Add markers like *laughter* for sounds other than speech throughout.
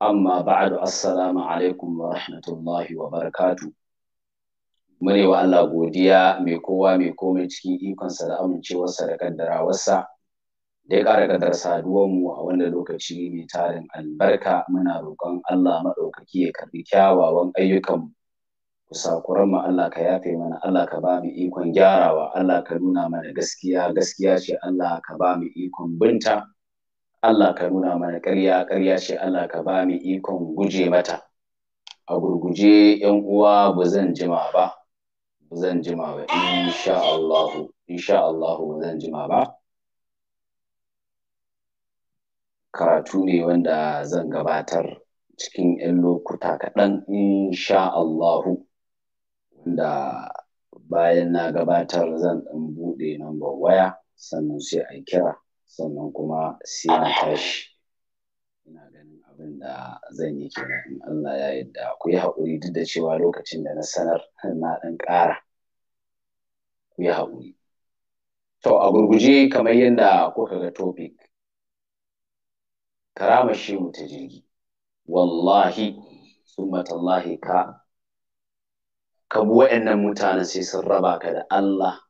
amma ba'adu assalamu alaikum wa rahmatullahi wa barakatu mune wa Allah godiya mai kowa mai komai cikin ikonsa da amincewarsa da kaddarawarsa da ya ƙara kaddar mu a wannan lokaci mai tarin albarka muna roƙon Allah maɗaukaki ya karɓi kyawawan ayyukanmu sakuran mu Allah ka yafe mana Allah ka ba mu ikon gyarawa Allah ka nuna mana gaskiya gaskiya ce Allah ka ba mu ikon binta Allah ka nuna mana ƙarya ƙarya ce Allah ka ba mu ikon guje mata a gurguje yan uwa ba zan jima ba ba zan jima ba insha Allah insha Allah ba zan jima ba karatu ne wanda zan gabatar cikin 'yan lokuta kaɗan insha Allahu wanda bayan na gabatar zan ɗan buɗe nambar waya sannan sai a kira sannan kuma sai na tashi ina ganin abin da zan yi kenan in Allah ya yadda ku yi haƙuri duk da cewa lokacin da na sanar *laughs* na ɗan ƙara ku yi haƙuri to a gurguje kamar yadda kuka ga topic karama shi mu ta jirgi wallahi summa tallahi ka ka bi waɗannan mutanen sai sun raba ka da Allah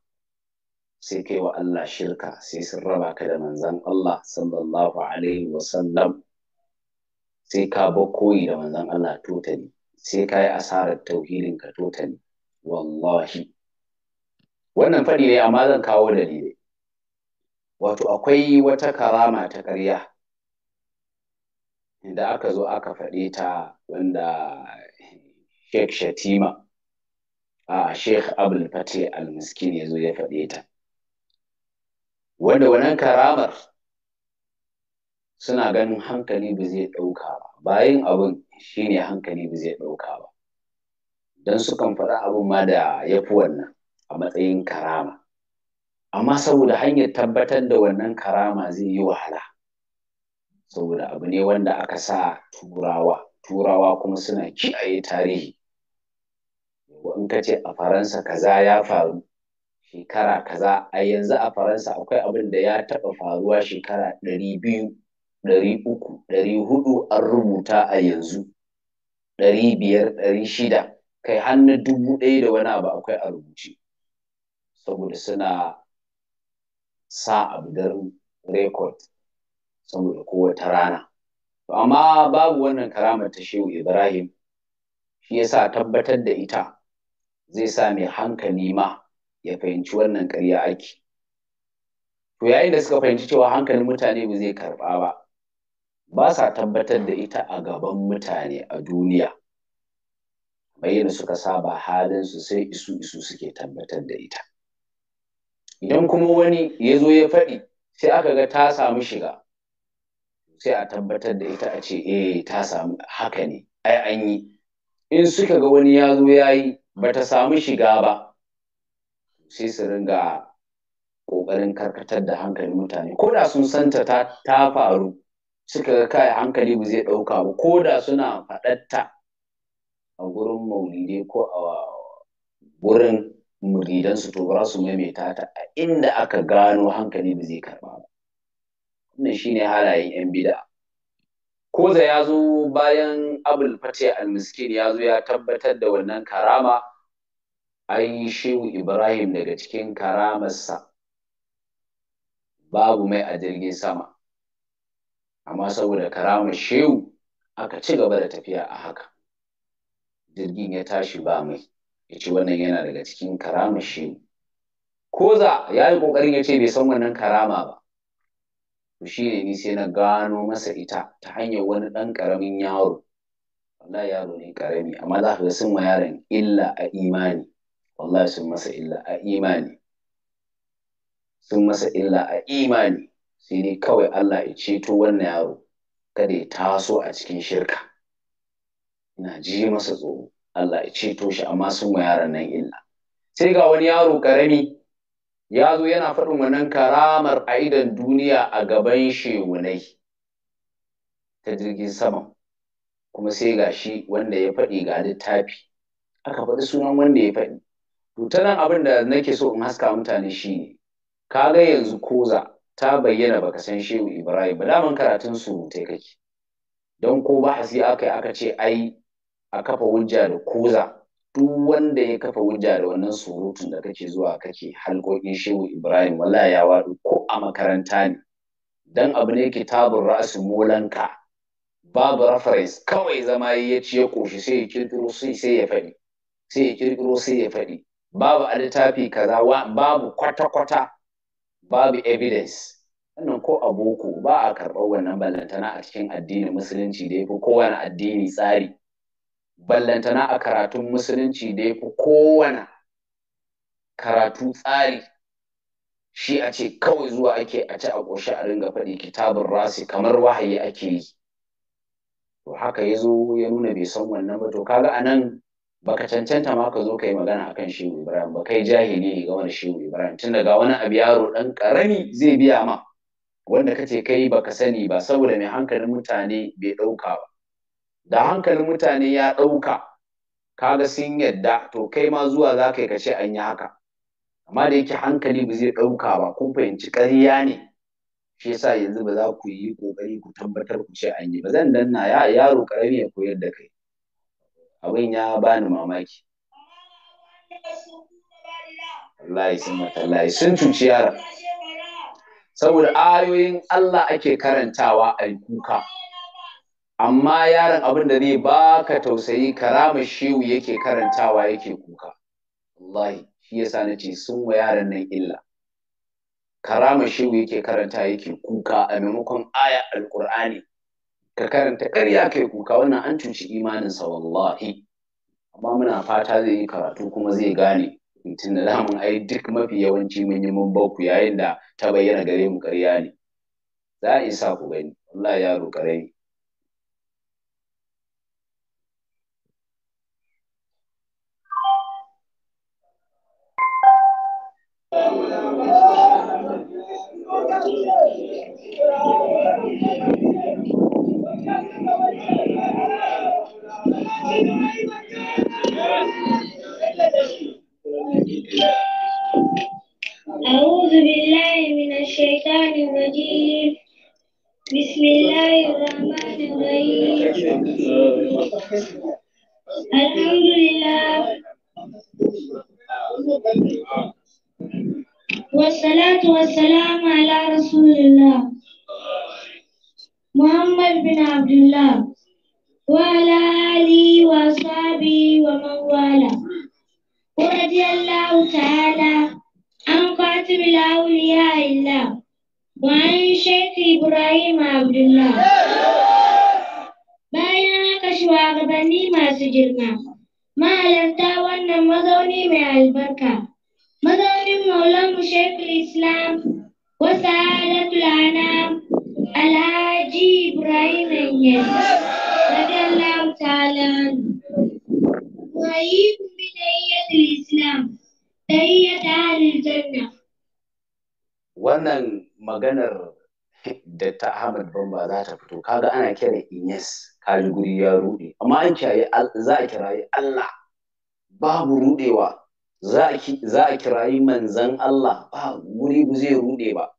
sai kai wa Allah shirka sai sun raba ka da manzan Allah sallallahu alaihi wa sallam, sai ka bar koyi da manzan Allah totali sai ka yi asarar tauhidin ka totali wallahi wannan fadi ne amma zan kawo dalilai wato akwai wata karama ta ƙarya da aka zo aka faɗe ta wanda Sheikh Shatima a Sheikh Abdul Fatih Al-Miskin ya zo ya faɗe ta wanda wannan karamar suna ganin hankali ba zai ɗauka ba bayan abin shi ne hankali ba zai ɗauka ba don sukan faɗa abin ma da ya fi wannan a matsayin karama amma saboda hanyar tabbatar da wannan karama zai yi wahala saboda abu ne wanda aka sa turawa turawa kuma suna kiyaye tarihi in ka ce a faransa kaza ya faru shekara kaza a yanzu a faransa akwai abin da ya taɓa faruwa shekara ɗari biyu ɗari uku ɗari hudu an rubuta a yanzu ɗari biyar ɗari shida kai hannu dubu ɗaya da wani abu akwai a rubuce saboda suna sa abu don rekod saboda kowace rana To amma babu wannan karamar ta shehu ibrahim shi yasa tabbatar da ita zai sa mai hankali ma ya fahimci wannan ƙarya ake to yayin da suka fahimci cewa hankalin mutane ba zai karɓa ba ba sa tabbatar da ita a gaban mutane a duniya bayyana suka saba halinsu sai isu isu suke tabbatar da ita idan kuma wani ya zo ya faɗi sai aka ga ta samu shiga sai a tabbatar da ita a ce eh ta samu haka ne ai an yi in suka ga wani ya zo ya yi ba ta samu shiga ba sai su ringa ƙoƙarin karkatar da hankalin mutane ko da sun santa ta, ta faru suka ga kai hankali ba zai ɗauka ba ko da suna faɗatta a gurin maulidi ko a gurin muridansu to ba su maimaita ta a inda aka gano hankali ba zai karɓa ba wannan shine halayen yan bida koza ya zo bayan abul fatih al-miskin ya zo ya tabbatar da wannan karama yi shehu ibrahim daga cikin karamarsa babu mai a jirgin sama amma saboda karamar shehu aka ci gaba da tafiya a haka jirgin ya tashi ba mai ya ce wannan yana daga cikin karamar shehu koza ya yi ƙoƙarin ya ce bai san wannan karama ba Ku shi ne ni sai na gano masa ita ta hanyar wani ɗan ƙaramin yaro wallahi yaro ne ƙarami amma za ka ga sun ma yaron illa a imani wallahi sun masa illa a imani sun masa illa a imani sai dai kawai Allah ya ceto wannan yaro kada ya taso a cikin shirka ina ji masa tsoro Allah ya ceto shi amma sun ma yaron nan illa sai ga wani yaro karami ya zo yana faɗin wannan karamar aidan duniya a gaban shewunai ta jirgin sama kuma sai ga shi wanda ya faɗi ga littafi aka faɗi sunan wanda ya faɗi to nan abin da nake so in haska mutane shi ne. ka ga yanzu koza ta bayyana baka san shehu ibrahim ba daman karatun surutai kake don ko ba a aka yi aka ce ai a kafa hujja da koza duk wanda ya kafa hujja da wannan surutun da kake zuwa kake halkokin shehu ibrahim wala ya waɗu ko a makaranta ne dan abu ne kitabun ra'asin molanka babu reference kawai zama ya ce ya koshi sai ya kirkiro sai ya faɗi sai ya kirkiro sai ya faɗi babu a littafi kaza babu kwata-kwata babu evidence wannan ko a boko ba a karɓar wannan ballantana a cikin addinin musulunci da ya fi kowane addini tsari ballantana a karatun musulunci da ya fi kowane karatu tsari shi a ce kawai zuwa ake a ci a ƙoshi a ringa faɗi kitabun rasi kamar wahayi ake yi to haka ya zo ya nuna bai san wannan ba to kaga anan baka cancanta ma ka zo ka magana akan shehu ibrahim ba kai jahili ne game da shehu ibrahim tun daga wani abu yaro dan karami zai biya ma wanda kace kai baka sani ba saboda mai hankalin mutane bai dauka ba da hankalin mutane ya dauka kaga sun yadda to kai ma zuwa za ka ce kace an yi haka amma da yake hankali ba zai dauka ba kun fahimci ƙarya ne shi yasa yanzu ba za ku yi kokari ku tabbatar ku ce an yi ba zan danna yaro karami ya koyar da kai abin ya bani mamaki Allah sun matallahi sun cuci yaron saboda ayoyin Allah ake karantawa a kuka amma yaron abin da zai baka tausayi karama shehu yake karantawa yake kuka wallahi shi yasa nace sun wa yaron nan illa karamar shehu yake karanta yake kuka a maimakon aya alqur'ani ka karanta ƙarya kai kuka wannan an cuci imaninsa wallahi amma muna fata zai yi karatu kuma zai gane tun da zamu ai duk mafi yawanci mun yi mun bauku yayin da ta bayyana gare mu ƙarya ne za a isa ku gani wallahi yaro ni Thank you. أعوذ بالله من الشيطان الرجيم بسم الله الرحمن الرحيم الحمد لله والصلاة والسلام على رسول الله Muhammad bin Abdullah وعلى آله وأصحابه ومن والاه ورضي الله تعالى عن قاتل الأولياء الله وعن شيخ إبراهيم عبد الله bayan haka shugabanni masu girma mahalarta wannan mazauni mai albarka mazaunin maulanmu shekul islam wasu halatul anam Alhaji Ibrahim Anyel, radiyallahu ta'ala anhu. iya بتحية الإسلام تحية أهل الجنة wannan maganar da ta Ahmad Bamba za ta fito kaga ana kira Ines kaji guri ya rude amma an kiyaye za a kirayi Allah babu rudewa za a kirayi manzan Allah ba guri ba zai rude ba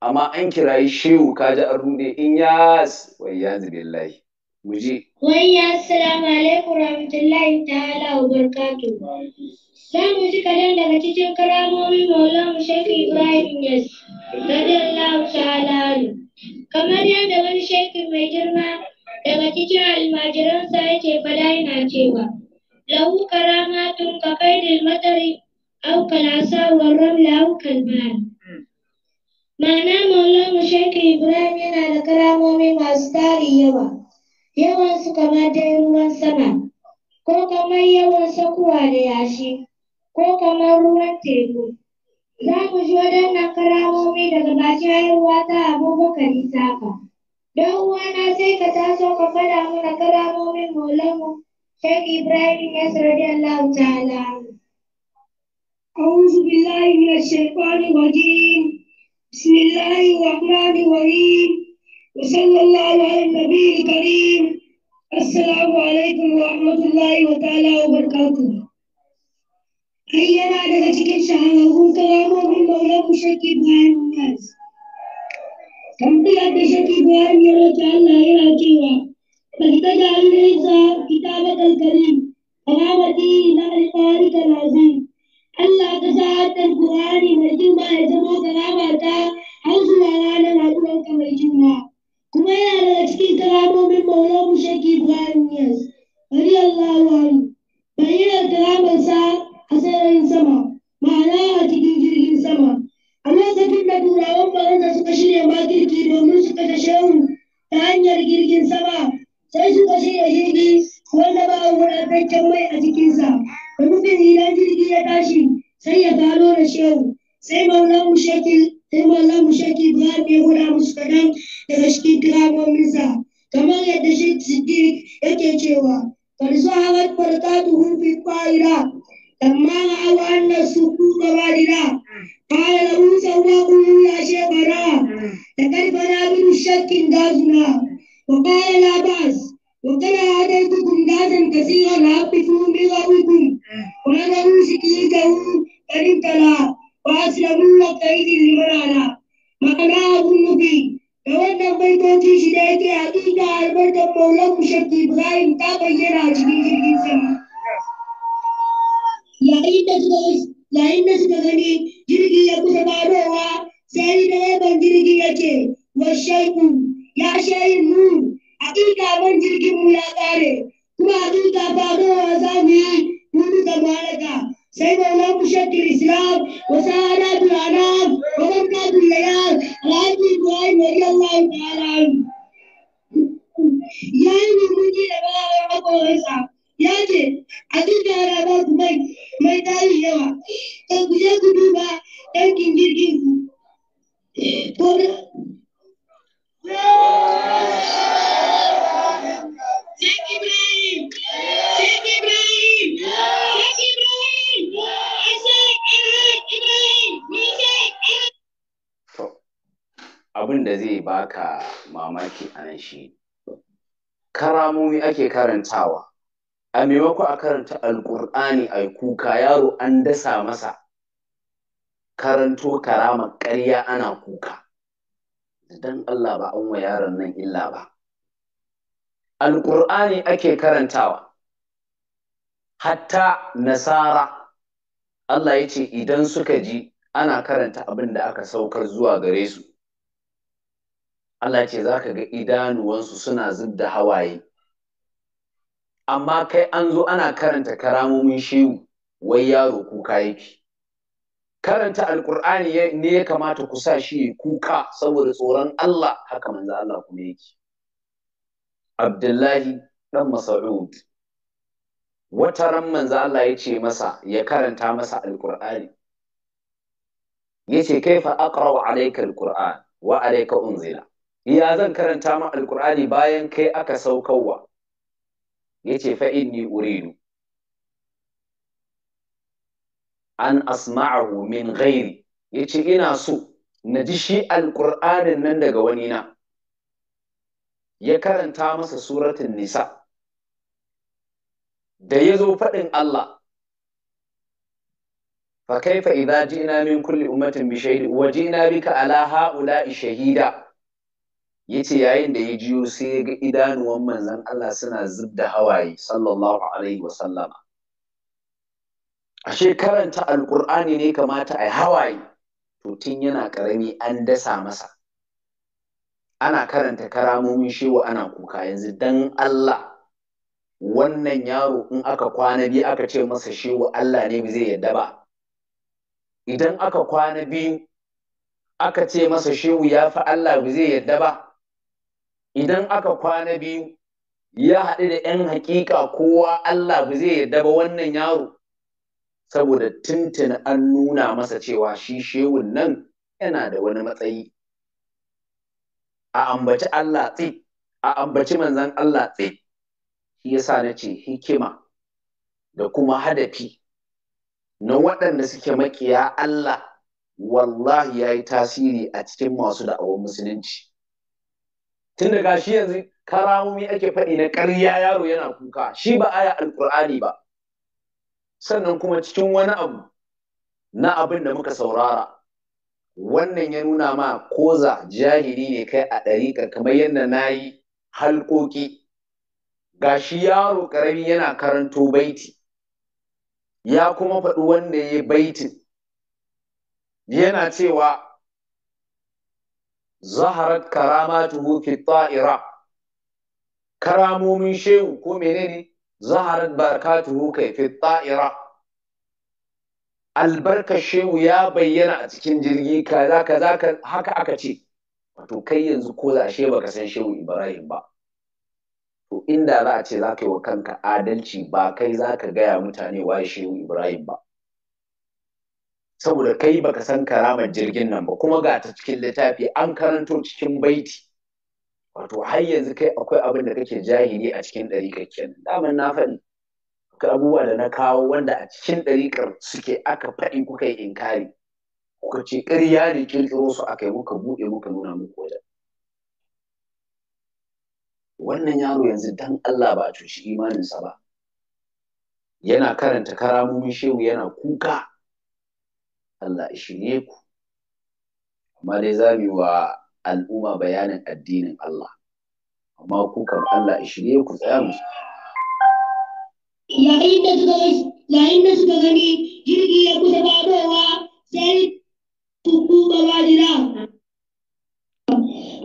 amma an kirayi shehu kaji an rude in yas wai ya billahi mu je wayya assalamu alaikum rahmatullahi ta'ala wa barakatuh za mu ji kadan daga cikin karamomi maulana shekhu ibrahim yas ta ta'ala kamar yadda wani shekhu mai girma daga cikin almajiransa yake fada yana cewa lahu karamatun ka kaidil matari au kalasa wa ramla au Ma'ana Maulana Shehu Ibrahim yana da karamomi masu tari yawa, yawansu kamar dai ruwan sama, ko kamar yawan sakuwa da yashi, ko kamar ruwan teku. Za mu ji waɗannan karamomi daga bakin haihuwa ta Abubakar Isaka. Don uwana sai ka taso ka faɗa mana karamomin Maulana Shehu Ibrahim ya sarari Allah ta'ala. أعوذ بالله من الشيطان الرجيم أيّن على ذلك شهره كلامه بالمولى مشكي بان الناس تنبيه بشكي بان يرى كان لا يرى كيوا فاستجعل لي كتابك الكريم كلامتي إلى القارئ العظيم Allah ka sa haddar Qur'ani mai girma ya zama ta har zuwa ranar haɗuwar ka mai girma, Kuma yana daga cikin karamomin Maulana Shaki Ibrahim Yas. Bari Allah wani. Bayyanar sa a sararin sama, ma'ana a cikin jirgin sama. A lokacin da turawan Faransa suka shirya makirci domin su kashe shehu ta hanyar jirgin sama, sai suka shirya jirgi wanda ba a wadataccen mai a cikinsa. rufin idan jirgi ya tashi sai ya gano da shehu sai maulan mushakil sai maulan mushakil ya ne musu kadan daga cikin kiramominsa kamar yadda shi siddiq yake cewa karsu hawat barkatu hurfi fa'ira لما Ba أن السكوت واردة قال له سواقه يا شيخنا لقد بدا من الشك غازنا وقال لا بأس وطلع عليكم ناسا كثيرا هبطوا لغوكم ونظروا شكيتهم فانطلع واسلموا وقتئذ لمن على مقنعهم في da wannan baitoci shi da yake haƙiƙa albarkar maulan shakki ibrahim ta bayyana cikin jirgin sama yayin da suka gani jirgi ya kusa farowa sai direban jirgi ya ce wa shaiku ya shaiku hakika nan jirgin mu ya tsare kuma hakika fadowa za mu yi da malaka sai maulan mu shakkar islam wasu halatul anam wa ta layal alhaji ibrahim radiyallahu ta'ala ya yi mummuki da bayan hakorinsa ya ce a duka yana ba ku mai mai tari yawa kan ku je ku duba ɗankin jirgin ku abin da zai baka mamaki a nan shi karamomi ake karantawa a maimako a karanta alkur'ani a kuka yaro an dasa masa karanto karamar ƙarya ana kuka dan Allah ba an wa yaron nan illa ba alƙur'ani ake karantawa hatta nasara Allah ya ce idan suka ji ana karanta abin da aka saukar zuwa gare su Allah ce za ka ga idanuwansu suna zubda hawaye amma kai an zo ana karanta karamomin shehu wai yaro kuka yake karanta alkur'ani ne ya kamata ku sa shi kuka saboda tsoron Allah haka manzo Allah kuma yake Abdullahi dan Mas'ud wata ran manzo Allah ya ce masa ya karanta masa alkur'ani yace kaifa aqra'u alayka alkur'an wa alayka unzila ya zan karanta ma alkur'ani bayan kai aka saukarwa yace fa inni uridu an asma'ahu min ghairi yace ina so na ji shi alqur'anin nan daga wani na ya karanta masa suratul nisa da ya zo faɗin Allah fa kaifa idza ji'na min kulli ummatin bi shahid wa ji'na bika ala ha'ula'i shahida yace yayin da ya jiyo sai ya ga idanuwan manzon Allah suna zubda hawaye sallallahu alaihi wa sallama ashe karanta alkur'ani ne kamata a hawaye to tun yana karami an dasa masa ana karanta karamomin shewa ana kuka yanzu dan Allah wannan yaro in aka kwana biyu aka ce masa shewa Allah ne ba zai yadda ba idan aka kwana biyu aka ce masa shewa ya fi Allah ba zai yadda ba idan aka kwana biyu ya haɗu da ‘yan hakika kowa Allah ba zai yadda ba wannan yaro saboda tintin an nuna masa cewa shi shehun nan yana da wani matsayi a ambaci Allah tsi a ambaci manzan Allah tsi shi yasa na ce hikima da kuma hadafi na waɗanda suke makiya Allah wallahi ya yi tasiri a cikin masu da'awar musulunci tun da shi yanzu karamomi ake faɗi na ƙarya yaro yana kuka shi ba aya alƙur'ani ba sannan kuma cikin wani abu na abin da muka saurara wannan ya nuna ma koza jahili ne kai a ɗariƙa kamar yadda na yi halƙoƙi gashi yaro ƙarami yana karanto baiti ya kuma faɗi wanda ya yi baitin yana cewa zaharat karamatuhu fi ta'ira karamomin shehu ko menene zaharar barakatuhu kai fi ta'ira albarkar shehu ya bayyana a cikin jirgi kaza kaza haka aka ce wato kai yanzu ko zashe baka san shehu ibrahim ba to inda za a ce za ka yi wa kanka adalci ba kai za ka gaya mutane waye shehu ibrahim ba saboda kai baka san karamar jirgin nan ba kuma ga ta cikin littafi an karanto cikin baiti wato har yanzu kai akwai abin da kake jahili a cikin ɗariƙar kenan daman na faɗi akwai abubuwa da na kawo wanda a cikin ɗariƙar suke aka faɗi kuka yi inkari kuka ce ƙarya ne ƙirƙiro su aka yi muka buɗe muka nuna muku wajen wannan yaro yanzu dan Allah ba a cuci imaninsa ba yana karanta karamomin shehu yana kuka Allah shirye ku amma dai za yi wa al'umma bayanin addinin Allah amma ku kan Allah shirye ku tsaya musu yayin da suka yayin da suka gani jirgi ya kusa fadowa sai tukuba ba wajira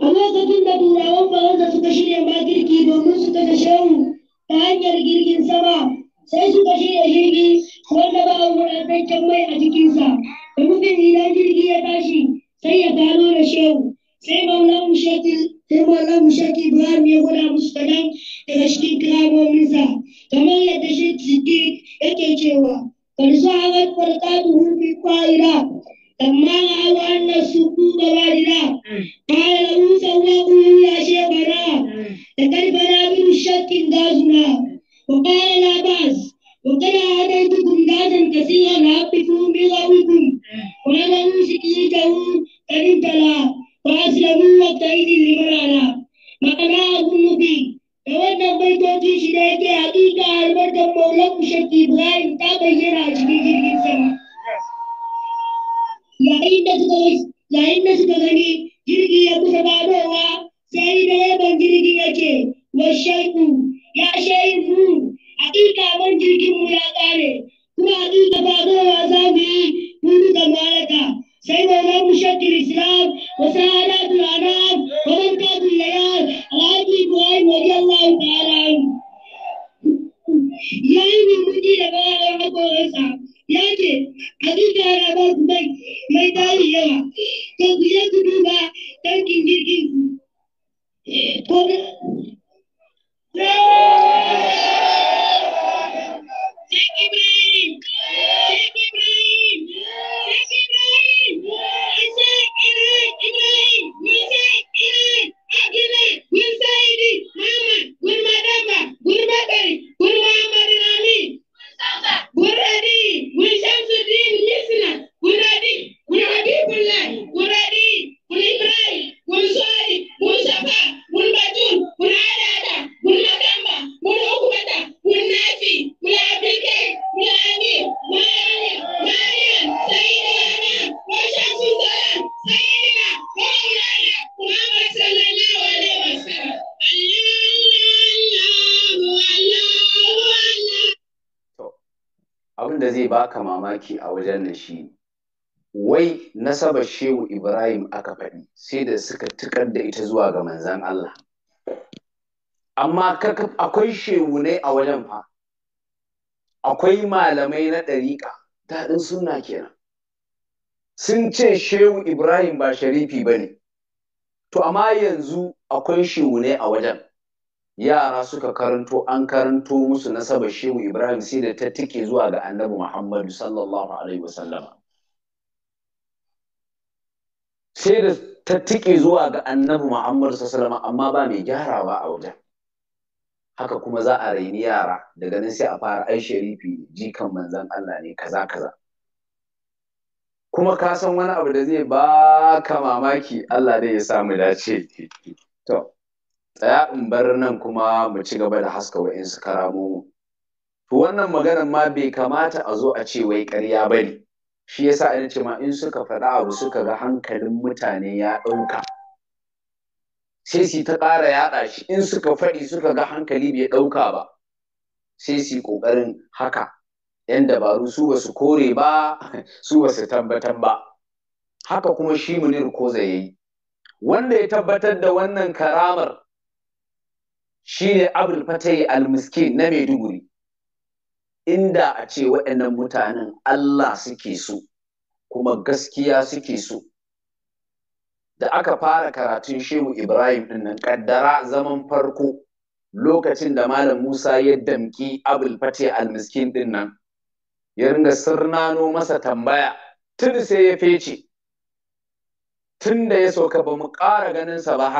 a lokacin da turawan faransa suka shirya makirki domin su kashe shehu ta hanyar jirgin sama sai suka shirya jirgi wanda ba a wadataccen mai a cikinsa da nufin idan jirgi ya tashi sai ya gano da shehu sai maulana shaki sai maulana shaki ibrahim ya gwada musu kadan daga cikin kiramominsa kamar yadda shi siddiq yake cewa karsu hamat farkatuhu bi qaira لما رأوا أن السكوت shakkin قال له سواقه يا شيخنا لقد بدا من الشك دازنا وقال لا بأس وقد آتيتكم دازا كثيرا أقفوا بغوكم وأنا أوصي كيده قد tala. فأسلموا وقيد limana ma'ana abun nufi da wannan baitoci shi da yake hakika albarkar maulan shakki ibrahim ta bayyana a cikin jirgin sama yayin suka gani kalmar shehu ibrahim aka faɗi sai da suka tukar da ita zuwa ga manzan Allah amma akwai shehunai a wajen fa akwai malamai na ɗariƙa daɗin suna kenan sun ce shehu ibrahim ba sharifi ba ne to amma yanzu akwai shehunai a wajen yara suka karanto an karanto musu nasabar shehu ibrahim sai da ta tike zuwa ga annabi muhammadu sallallahu alaihi wasallama sai da ta tike zuwa ga annabi Muhammad sallallahu amma ba mai gyarawa a wajen haka kuma za a raini yara daga nan sai a fara ai sharifi jikan manzon Allah ne kaza kaza kuma ka san wani abu da zai ba ka mamaki Allah dai ya samu dace to tsaya in bar nan kuma mu ci gaba da haska su karamu. to wannan maganar ma bai kamata a zo a ce wai ƙarya ba shi yasa ina ce ma in suka faɗa abu suka ga hankalin mutane ya ɗauka sai su ta ƙara yaɗa shi in suka faɗi suka ga hankali bai ɗauka ba sai su ƙoƙarin haka yan dabaru su ba su kore ba *laughs* su ba su tabbatar ba haka kuma shi munir ko zai yi wanda ya tabbatar da wannan karamar shi ne abul fatai al-miskin na maiduguri inda a ce waɗannan mutanen Allah suke su kuma gaskiya suke so da aka fara karatun shehu ibrahim ɗin nan ƙaddara zaman farko lokacin da malam musa ya damƙi abul fate almiskin ɗin nan ya ringa sirnano masa tambaya tun sai ya fece tun da ya sauka ba mu ƙara ganinsa ba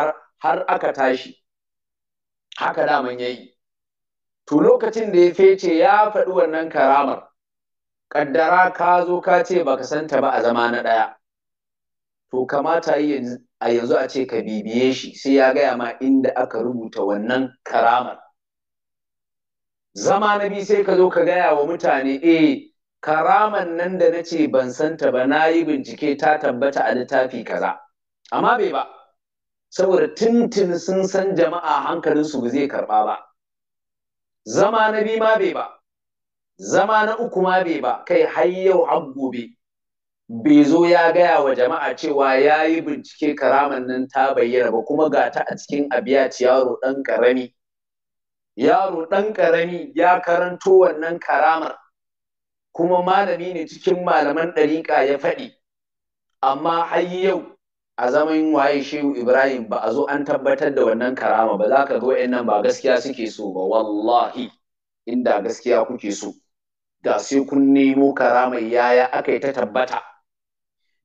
har aka tashi haka daman ya yi to lokacin da ya fece ya faɗi wannan karamar ƙaddara ka zo ka ce ba ka santa ba a zama na ɗaya to kamata a yanzu a ce ka bibiye shi sai ya gaya ma inda aka rubuta wannan karamar zama na biyu sai ka zo ka gaya wa mutane eh karamar nan da na ce ban santa ba na yi bincike ta tabbata a littafi kaza amma bai ba saboda tuntun sun san jama'a hankalinsu ba zai karɓa ba zama na biyu ma bai ba zama na uku ma bai ba kai har yau har gobe bai zo ya gaya wa jama'a cewa ya yi bincike karaman nan ta bayyana ba kuma ga ta a cikin abiyaci yaro ɗan ƙarami yaro ɗan ƙarami ya karanto wannan karamar kuma malami ne cikin malaman ɗariƙa ya faɗi amma har yau a zaman waye shehu ibrahim ba a zo an tabbatar da wannan karama ba za ka ga nan ba gaskiya suke so ba wallahi inda gaskiya kuke so da sai kun nemo karama yaya aka yi ta tabbata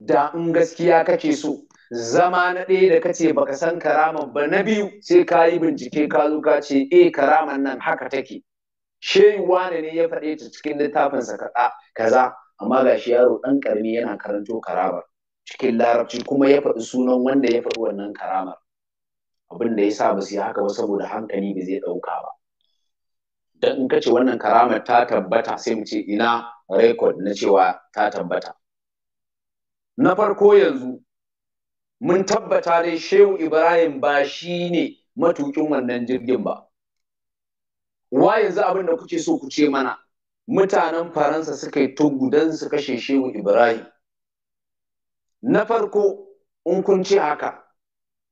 da in gaskiya kake so zama na ɗaya da kace ka san karama ba na biyu sai ka yi bincike ka zo ka ce eh karaman nan haka take shehu wane ne ya faɗe ta cikin littafinsa kaza amma ga shi yaro ɗan ƙarami yana karanto karamar cikin larabci kuma ya faɗi sunan wanda ya faɗi wannan karamar abin da ya sa ba su yi haka ba saboda hankali ba zai ɗauka ba Don in ka ce wannan karamar ta tabbata sai mu ce ina record na cewa ta tabbata na farko yanzu mun tabbata dai shehu ibrahim ba shi ne matukin wannan jirgin ba wa yanzu abin da kuke so ku ce mana mutanen faransa suka yi don su kashe shehu ibrahim na farko in kun ce haka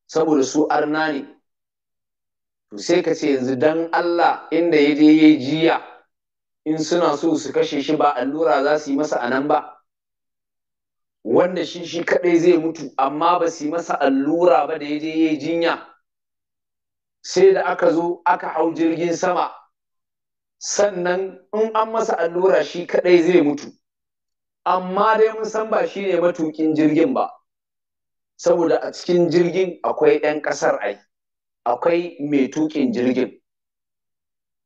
saboda su arna ne to sai ka ce yanzu dan Allah inda ya je ya jiya in suna so su kashe shi ba allura za su yi masa anan ba wanda shi shi kaɗai zai mutu amma ba su yi masa allura ba da ya je ya jinya sai da aka zo aka hau jirgin sama sannan in an masa allura shi kaɗai zai mutu amma dai mun san ba shi ne matukin jirgin ba saboda a cikin jirgin akwai 'yan ƙasar ai akwai mai tuƙin jirgin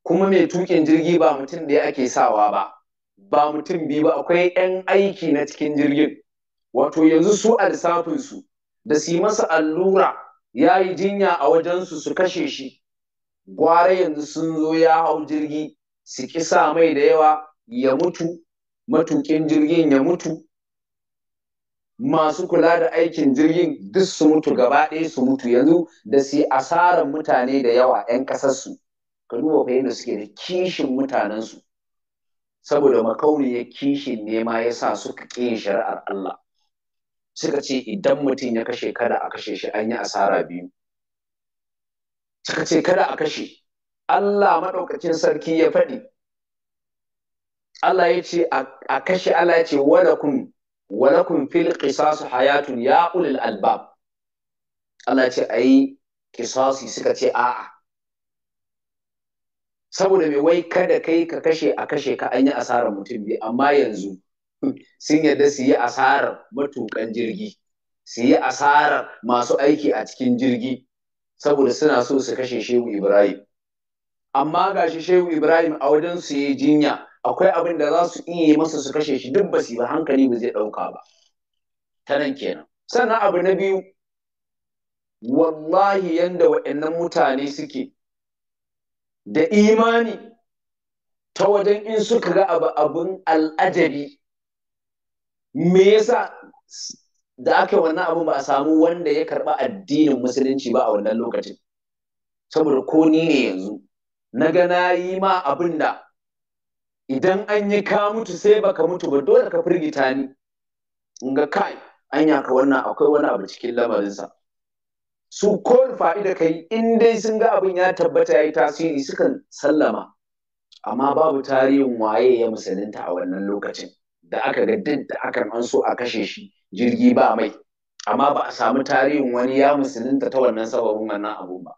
kuma mai tuƙin jirgi ba mutum da ake sawa ba ba mutum biyu ba akwai 'yan aiki na cikin jirgin wato yanzu su a lissafinsu da su yi masa allura ya yi jinya a wajensu su kashe shi gwara yanzu sun zo ya hau jirgi su kisa mai da yawa ya mutu matukin jirgin ya mutu masu kula da aikin jirgin duk su mutu gaba ɗaya su mutu yanzu da su asarar mutane da yawa 'yan ƙasarsu ka duba fa yadda suke da kishin mutanensu saboda makauniyar kishin nema ya sa suka ƙi shari'ar Allah suka ce idan mutum ya kashe kada a kashe shi an yi asara biyu suka ce kada a kashe Allah maɗaukacin sarki ya faɗi Allah ya ce a kashe Allah ya ce walakum walakum fil qisas hayatun ya ulil albab Allah ya ce ai qisasi suka ce a'a saboda me wai kada kai ka kashe a kashe ka an yi asarar mutum biyu amma yanzu *laughs* sun yarda su yi asarar matukan jirgi su yi asarar masu aiki a cikin jirgi saboda suna so su kashe shehu ibrahim amma gashi shehu ibrahim a wajen su yi jinya akwai abin da za su iya yi masa su kashe shi duk basi ba hankali ba zai ɗauka ba ta nan kenan sannan abu na biyu wallahi yanda wa'annan mutane suke da imani ta wajen in suka ga abu abin al'ajabi me yasa da aka wannan abu ba a samu wanda ya karɓa addinin musulunci ba a wannan lokacin saboda ko ni ne yanzu na ga na yi ma abin da idan an yi ka mutu sai baka mutu ba dole ka firgita ni ga kai an yaka wannan akwai wani abu cikin lamarinsa su ko fa'ida kai in dai sun ga abin ya tabbata ya yi tasiri sukan sallama amma babu tarihin waye ya musulunta a wannan lokacin da aka ga duk da akan an so a kashe shi jirgi ba mai amma ba a samu tarihin wani ya musulunta ta wannan sababin wannan abun ba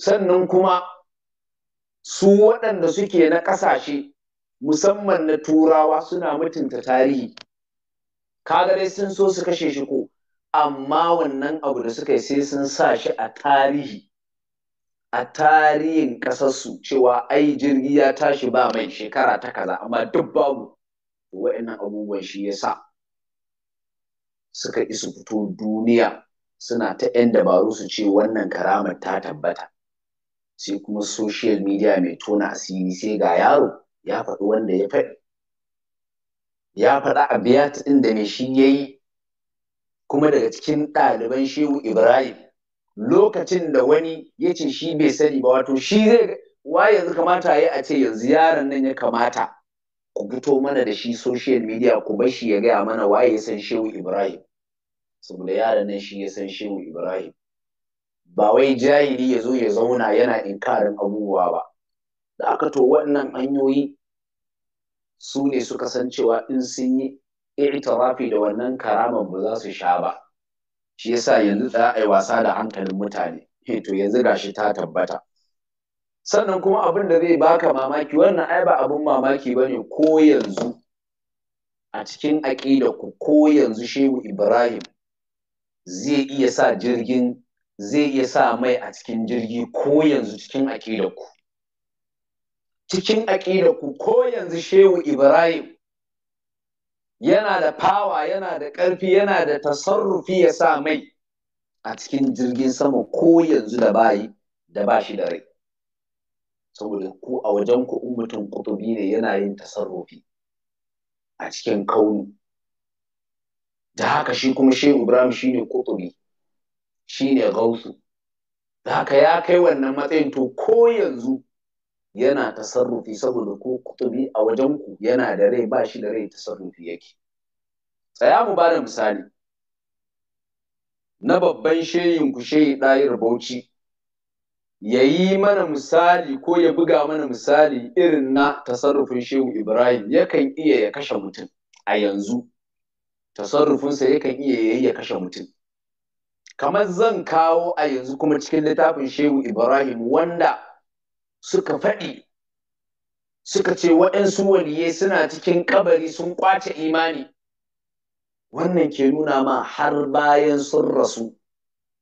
sannan kuma su waɗanda suke na ƙasashe musamman na turawa suna mutunta tarihi kaga dai sun so su kashe shi ko amma wannan abu da suka yi sai sun sa shi a tarihi a tarihin ƙasarsu cewa ai jirgi ya tashi ba mai shekara ta kaza amma duk babu wa'annan abubuwan shi ya sa suka isu fito duniya suna ta 'yan dabaru su ce wannan karamar ta tabbata sai kuma social media mai tona asiri sai ga yaro ya faɗi wanda ya faɗi ya faɗa a ta ɗin da mai shi ya yi kuma daga cikin ɗaliban shehu ibrahim lokacin da wani ya ce shi bai sani ba wato shi zai wa yanzu kamata ya a ce yanzu yaron nan ya kamata ku fito mana da shi social media ku bar shi ya gaya mana waye ya san shehu ibrahim saboda yaron nan shi ya san shehu ibrahim ba wai jahili ya zo ya zauna yana inkarin abubuwa ba da aka to waɗannan hanyoyi su ne suka san cewa in sun yi i'tirafi da wannan karaman ba za su sha ba shi yasa yanzu za a yi wasa da hankalin mutane to yanzu gashi ta tabbata sannan kuma abin da zai baka mamaki wannan ai ba abin mamaki ba ne ko yanzu a cikin aƙida ku ko yanzu Shehu Ibrahim zai iya sa jirgin zai iya sa mai a cikin jirgi ko yanzu cikin aƙidaku, Cikin aƙidaku ko yanzu Shehu Ibrahim yana da fawa, yana da ƙarfi, yana da tasarrufi ya sa mai a cikin jirgin sama ko yanzu da bayi da ba shi da rai. Saboda ku a wajen ku in mutum kutubi ne yana yin tasarrufi a cikin kauni. Da haka shi kuma Shehu Ibrahim shi ne kutubi. Shi ne gausu da haka ya kai wannan matsayin to ko yanzu yana tasarrufi saboda ko kutubi a wajen ku yana da rai ba shi da rai tasarrufi yake tsaya mu bada misali na babban shehin ku shehi ɗayir bauchi ya yi mana misali ko ya buga mana misali irin na tasarrufin shehu ibrahim yakan iya ya kashe mutum a yanzu tasarrufinsa yakan iya ya kashe mutum kamar zan kawo a yanzu kuma cikin littafin shehu ibrahim wanda suka faɗi suka ce waɗansu waliye suna cikin kabari sun ƙwace imani wannan ke nuna ma har bayan sun rasu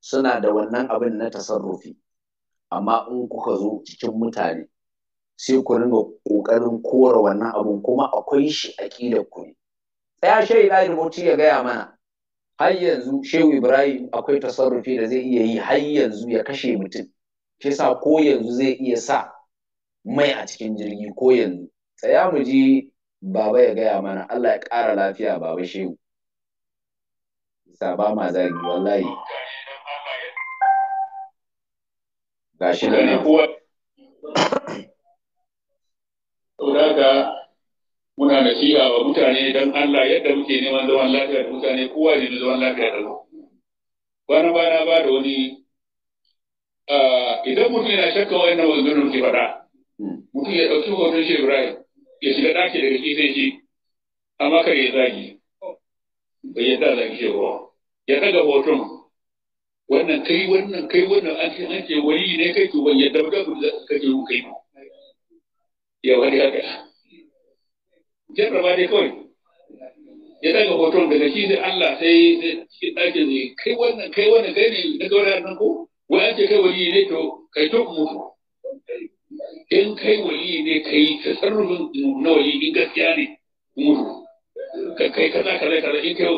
suna da wannan abin na tasarrufi amma in kuka zo cikin mutane sai ku rinka ƙoƙarin kora wannan abin kuma akwai shi a ƙidar ku ne tsaya shaida rubuci ya gaya mana har yanzu shehu ibrahim akwai tasarrufi da zai iya yi har yanzu ya kashe mutum shi sa ko yanzu zai iya sa mai a cikin jirgi ko yanzu tsaya mu ji baba ya gaya mana allah ya ƙara lafiya baba shehu ba ma zagi wallahi gashi da nan muna nasiha wa mutane don Allah yadda muke neman zaman lafiya da mutane kowa ne da zaman lafiya da Bana bana ba da wani idan mutum yana shakka wa yana wanzu ke faɗa mutum ya ɗauki hoton shi Ibrahim ya shiga ɗaki daga shi sai shi amma kar ya zagi bai yadda zagi shi ba ya ɗaga hoton wannan kai wannan kai wannan an ce an ce Wani ne kai to ban yadda ba ka ce kai ya wani haka jarraba dai kawai ya daga hoton daga shi sai Allah sai cikin ɗakin ne kai wannan kai wannan kai ne na gaura nan ko wai an ce kai wali ne to kai to mu in kai wali ne kai ta tasarrufin na wali in gaskiya ne mu kai kaza kaza kaza in kai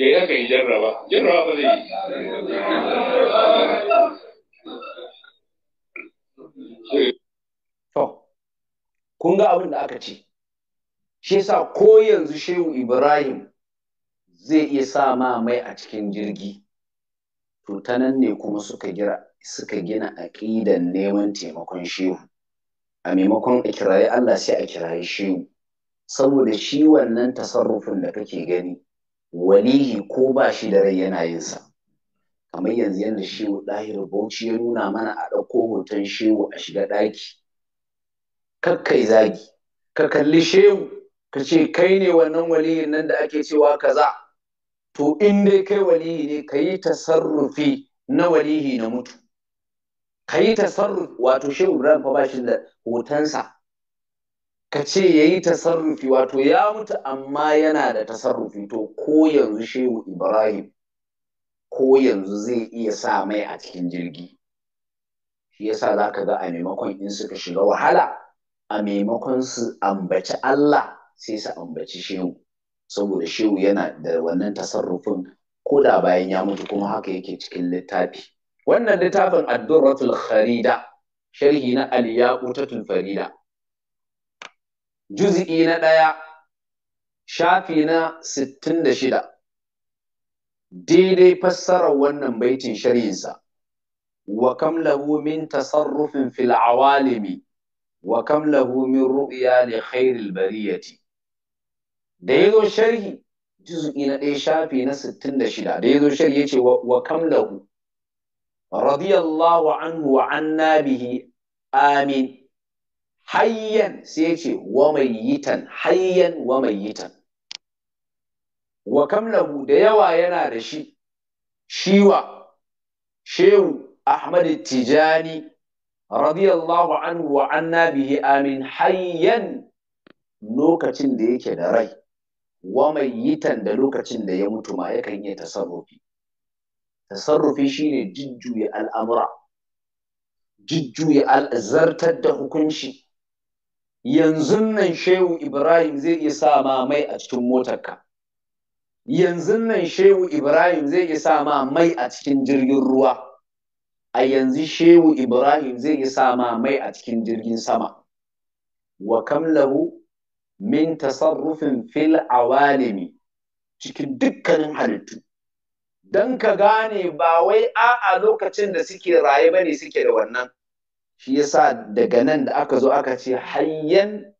ya ya kai jarraba jarraba ba zai to kun ga abin da aka ce shi sa ko yanzu shehu ibrahim zai iya sa ma mai a cikin jirgi to ta nan ne kuma suka gira suka gina aƙidan neman taimakon shehu a maimakon a kiraye Allah sai a kiraye shehu saboda shi wannan tasarrufin da kake gani walihi ko ba shi da rai yana yin sa kamar yanzu yadda shehu ɗahir bauchi ya nuna mana a ɗauko hoton shehu a shiga ɗaki kakkai zagi ka kalli shehu ka ce kai ne wannan waliyin nan da ake cewa kaza to in dai kai waliyi ne ka yi tasarrufi na waliyi na mutu ka yi tasarrufi wato shehu ibrahim fa bashi da hotonsa ka ce ya yi tasarrufi wato ya mutu amma yana da tasarrufi to ko yanzu shehu ibrahim ko yanzu zai iya sa mai a cikin jirgi shi yasa za ka ga a maimakon in suka shiga wahala a maimakon su ambaci Allah sai su ambaci shehu saboda shehu yana da wannan tasarrufin ko da bayan ya mutu kuma haka yake cikin littafi wannan littafin addurratul kharida sharhi na aliyaqutatul farida juz'i na ɗaya shafi na sittin da shida daidai fassarar wannan baitin sharhinsa wa kam lahu min tasarrufin fil awalimi wa kam lahu min ru'ya li khairil bariyati da ya zo sharhi juz'i na ɗaya shafi na sittin da shida da ya zo sharhi ya ce wa lahu radiyallahu anhu wa annabihi amin hayyan sai ya ce wa yitan hayyan wa yitan wa lahu da yawa yana da shi shiwa shehu ahmad tijani radiyallahu anhu wa annabihi bihi amin hayyan lokacin da yake da rai wa mai mayitan da lokacin da ya mutu ma yakan yi tasarrufi tasarrufi shine jujjuya al'amura jujjuya zartar da hukunci yanzu nan shehu ibrahim zai iya sa ma mai a cikin motarka yanzu nan shehu ibrahim zai iya sa ma mai a cikin jirgin ruwa a yanzu shehu ibrahim zai iya sa ma mai a cikin jirgin sama wa kam lahu min tasarrufin fil awalimi cikin dukkanin halittu don ka gane ba wai a'a lokacin da suke raye ba ne suke da wannan shi yasa daga nan da aka zo aka ce hayyan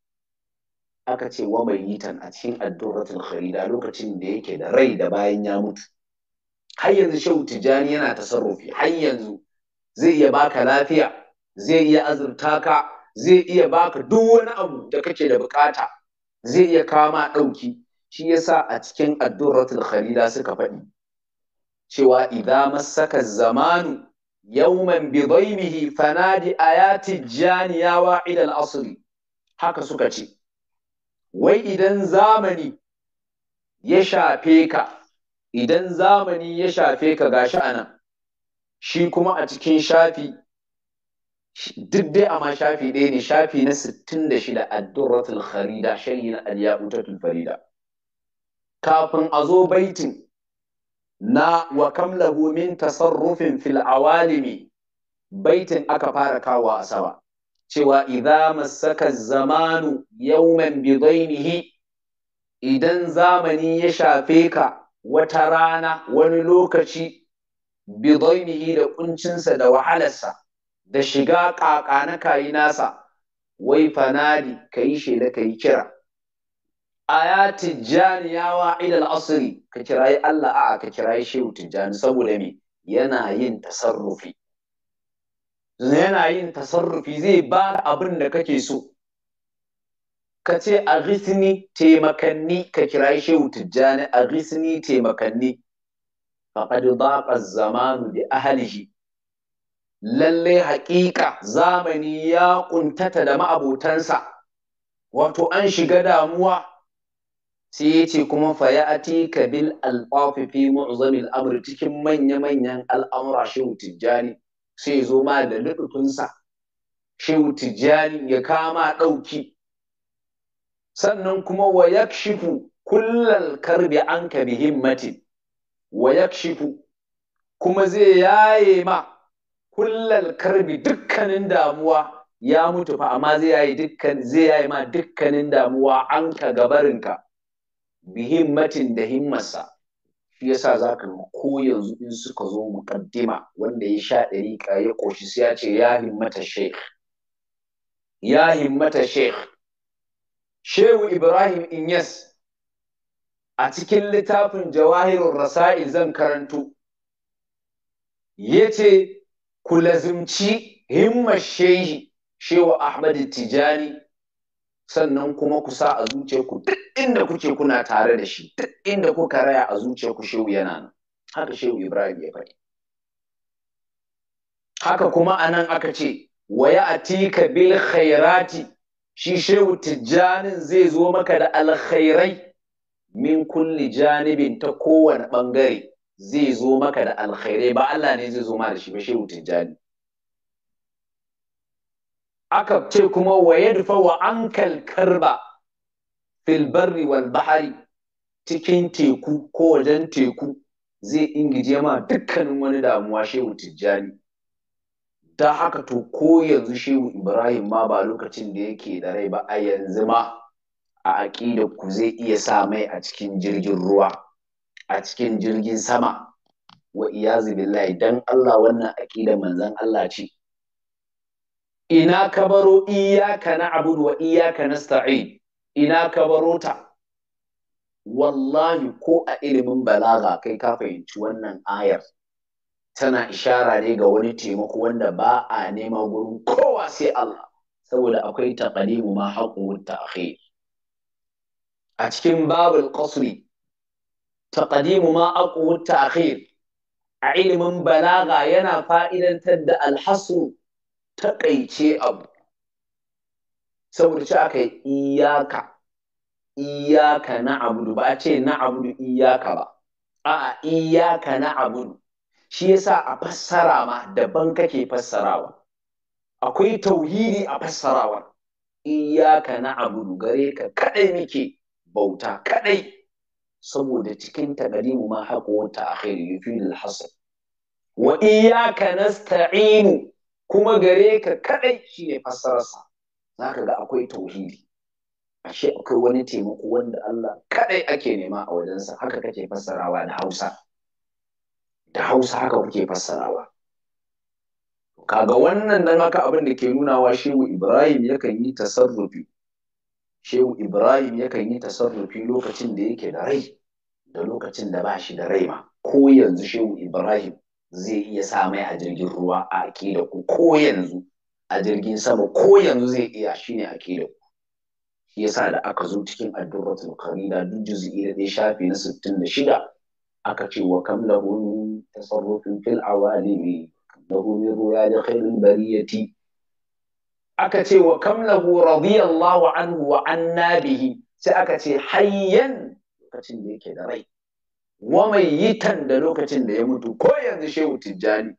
aka ce wa mai yitan a cikin addu'ratul kharida lokacin da yake da rai da bayan ya mutu har yanzu shehu tijani yana tasarrufi har yanzu zai iya baka lafiya zai iya azurta ka zai iya baka duk wani abu da kake da bukata zai iya kama ɗauki shi yasa a cikin addu'ratul khalila suka faɗi cewa idza masaka zamanu yawman bi dhaymihi fanadi ayati janiya ya ila al-asri haka suka ce wai idan zamani ya shafe ka idan zamani ya shafe ka gashi anan shi kuma a cikin shafi duk dai amma shafi ɗaya ne shafi na 66 ad-durratul kharida sharhi na al-yaqutatul farida kafin a zo baitin na wa kam lahu min tasarrufin fil awalimi baitin aka fara kawo a cewa idza masaka zamanu yawman bidainihi idan zamani ya shafe ka wata rana wani lokaci bidainihi da kuncinsa da wahalarsa da shiga ƙaƙa na kayi nasa wai fanadi ka yi shaida ka yi kira aya tijjani ya wa'id al asiri, ka yi Allah a ka kira yi shehu tijjani saboda me yana yin tasarrufi yana yin tasarrufi zai ba abin da kake so ka ce a risini taimakanni ka kira yi shehu tijjani a ghisni taimakanni faqad ba ƙazzamanu zamanu bi lalle haƙiƙa zamani ya ƙuntata da ma'abotansa wato an shiga damuwa sai ya ce kuma fayati kabil bil alƙafifi mu'zamil amr cikin manya-manyan al'amura shehu tijjani sai zo ma da lutufinsa shehu tijjani ya kama ɗauki sannan kuma wa yakshifu kullal karbi an ka bi himmatin wa yakshifu kuma zai yaye ma kullal karbi dukkanin damuwa ya mutu fa amma zai yayi dukkan zai yayi ma dukkanin damuwa an ka gabarinka bi himmatin da himmarsa shi yasa zaka ga ko yanzu in suka zo muqaddima wanda ya sha ka ya koshi sai ya ce ya himmata sheikh ya himmata sheikh shehu ibrahim inyas a cikin littafin jawahirun rasa'il zan karanto yace kulazimci lazimci himmar shehi shewa Ahmad Tijani sannan kuma ku sa a ku! duk inda kuke kuna tare da shi duk inda kuka raya a ku, shehu yana nan haka shehu Ibrahim ya faɗi haka kuma anan aka ce waya atika bil khairati shi shehu Tijjanin zai zo maka da alkhairai min kulli janibin ta kowane ɓangare zai zo maka da alkhairai ba Allah ne zai zo ma da shi ba shehu tijjani aka ce kuma wa yadfa wa ankal karba fil barri wal bahari cikin teku ko wajen teku zai ingije ma dukkanin wani damuwa shehu tijjani ta haka to ko yanzu shehu ibrahim ma ba lokacin da yake da rai ba a yanzu ma a aƙidar ku zai iya sa mai a cikin jirgin ruwa a cikin jirgin sama wa iyazu billahi dan Allah wannan aqida manzon Allah ce ina ka baro iyyaka na'budu wa na nasta'in ina ka ta wallahi ko a ilimin balaga kai ka fahimci wannan ayar tana ishara ne ga wani taimako wanda ba a nema gurin kowa sai Allah saboda akwai taqdimu ma haqqu ta'khir a cikin babul qasri taqdimu ma aqwa ta'khir a ilimin balaga yana fa'idantar da alhasu taƙaice abu saboda ce aka yi iyaka iyaka na abudu ba a ce na abudu iyaka ba a iyaka na abudu shi yasa a fassara ma daban kake fassarawa akwai tauhidi a fassarawa iyaka na abudu gare ka kadai muke bauta kaɗai. saboda cikin taqdimu ma haqu ta a yufidu al Hassan. wa iyyaka nasta'inu kuma gare ka kadai shine fassararsa zaka ga akwai tauhidi ashe akwai wani taimako wanda Allah kadai ake nema a wajensa haka kake fassarawa da Hausa da Hausa haka kuke fassarawa kaga wannan dan haka abin da ke nunawa shehu Ibrahim yakan yi tasarrufi shehu ibrahim yakan yi tasarrufi lokacin da yake da rai da lokacin da ba shi da rai ma ko yanzu shehu ibrahim zai iya sa mai a jirgin ruwa a akida ku ko yanzu a jirgin sama ko yanzu zai iya shine akida ku shi yasa da aka zo cikin addu'atul qarida duk juz'i da shafi na 66 aka ce wa kam lahu tasarrufin fil awalimi lahu min ruya da khairin bariyati aka ce wa kam lahu radiyallahu anhu wa anna bihi sai aka ce hayyan lokacin da yake da rai wa mai yitan da lokacin da ya mutu ko yanzu shehu tijjani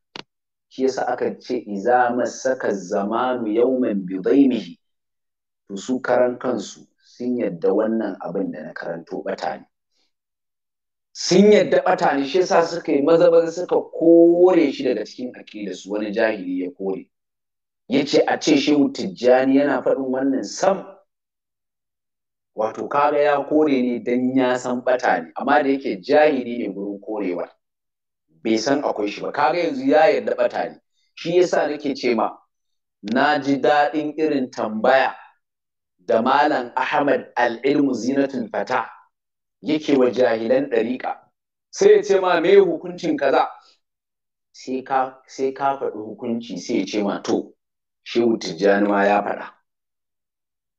shi yasa aka ce iza masaka zamanu yawman bidaimihi to su karan kansu sun yadda wannan abin da na karanto bata sun yadda bata ne shi yasa suka yi mazabar suka kore shi daga cikin su wani jahili ya kore ya ce a ce shehu tijjani yana faɗin wannan sam wato kaga ya kore ne don ya san bata ne amma da yake jahili ne gurin korewa bai san akwai shi ba kaga yanzu ya yarda bata ne shi yasa nake ce ma na ji daɗin irin tambaya da malam ahmad al-ilmu zinatul fata yake wa jahilan ɗariƙa sai ya ce ma me hukuncin kaza sai ka faɗi hukunci sai ya ce ma to shehu tijjani ma ya faɗa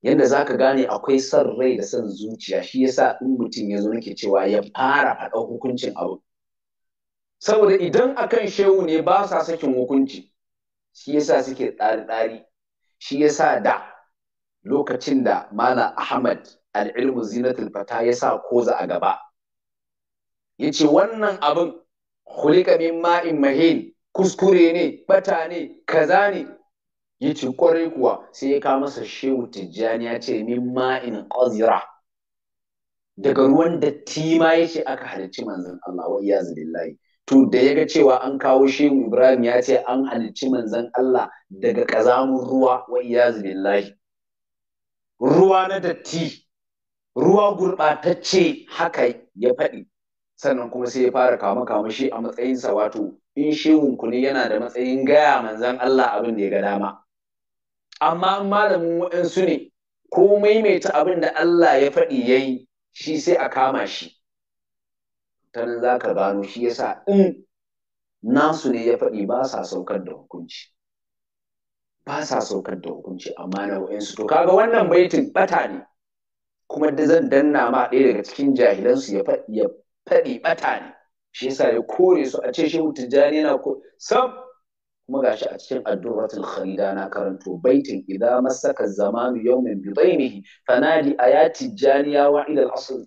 yadda za ka gane akwai son rai da son zuciya shi yasa in mutum ya zo nake cewa ya fara faɗa hukuncin abu saboda idan akan shehu ne ba sa sakin hukunci shi yasa suke tsari-tsari shi yasa da lokacin da mana ahmad al'ilmu zinatul fata ya sa koza a gaba ya ce wannan abin hulika min ma'in mahin kuskure ne bata ne kaza ne ya ce kwarai kuwa sai ya kawo masa shehu tijjani ya ce min ma'in ƙazira daga ruwan datti ma ya ce aka halicci manzan Allah wa iya zubillahi to da ya ga cewa an kawo shehu Ibrahim ya ce an halicci manzan Allah daga kazamun ruwa wa iya zubillahi ruwa na datti ruwa gurɓatacce haka ya faɗi sannan kuma sai ya fara kama kama shi a matsayinsa wato in shehunku ne yana da matsayin gaya manzan Allah abin da ya ga dama amma malamin waɗansu ne ko maimaita abin da Allah ya faɗi ya yi shi sai a kama shi ta nan za ka gano shi yasa in nasu ne ya faɗi ba sa saukar da hukunci ba sa saukar da hukunci amma na waɗansu to kaga wannan baitin ɓata ne kuma da zan danna ma ɗaya daga cikin jahilansu ya faɗi ya ɓata ne shi yasa ya kore su a ce shehu tijjani yana ko sam ga gashi a cikin addu'atul khalida na karanto baitin idan masaka zamanu yawmin bi dainihi fanadi ayati janiya wa ila al-asl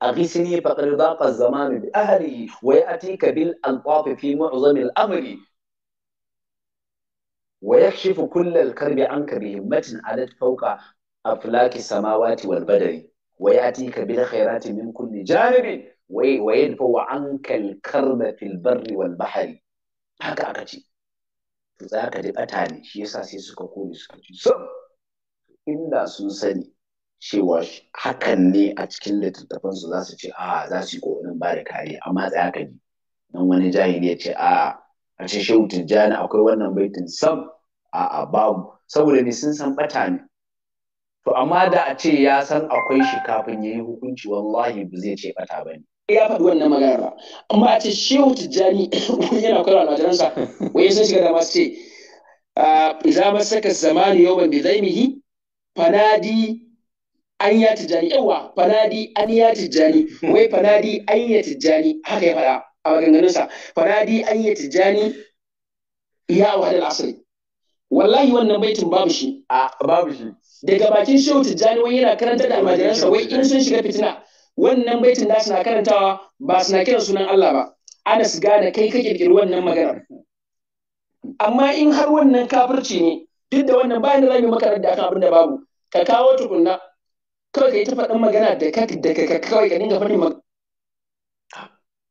aghisni faqad daqa zamanu bi ahlihi wa yatika bil anqaf fi mu'zam al-amri wa yakshifu kull al-karbi anka bi himmatin ala fawqa aflaki samawati wal badri wa yatika bil khairati min kulli janibin wa yadfa anka al-karba fil barri wal bahri haka aka ce to za ka ji ɓata ne shi yasa sai suka kone suka ci so. inda sun sani cewa hakan ne a cikin littattafansu za su ce a za su yi ƙoƙarin ba da kariya amma tsaya ka ji nan wani jahili ya ce a a ce shehu tijjani akwai wannan baitin sam a a babu saboda ne sun san ɓata ne to amma da a ce ya san akwai shi kafin ya yi hukunci wallahi ba zai ce bata ba ne ya faɗi wannan magana ba amma a ce shehu tijjani *coughs* yana kula almajiransa wai sun shiga da masu ce za ah, iza saka zamani yau ban bizaimihi fanadi an ya tijjani yawa fanadi an ya tijjani wai fanadi an ya tijjani haka ya faɗa a maganganunsa fanadi an ya tijjani ya wahadar asali wallahi wannan baitin babu shi a babu shi daga bakin shehu tijjani wai yana karanta da almajiransa wai in sun shiga fitina wannan baitin da suna karantawa ba suna kiran sunan Allah ba ana Anas gane kai ka kirkiri wannan magana. amma in har wannan kafirci ne duk da wannan bayan da yi maka da akan abin da babu ka kawo tukunna kawai ka yi ta faɗin magana da ka da ka kawai ka dinga faɗin magana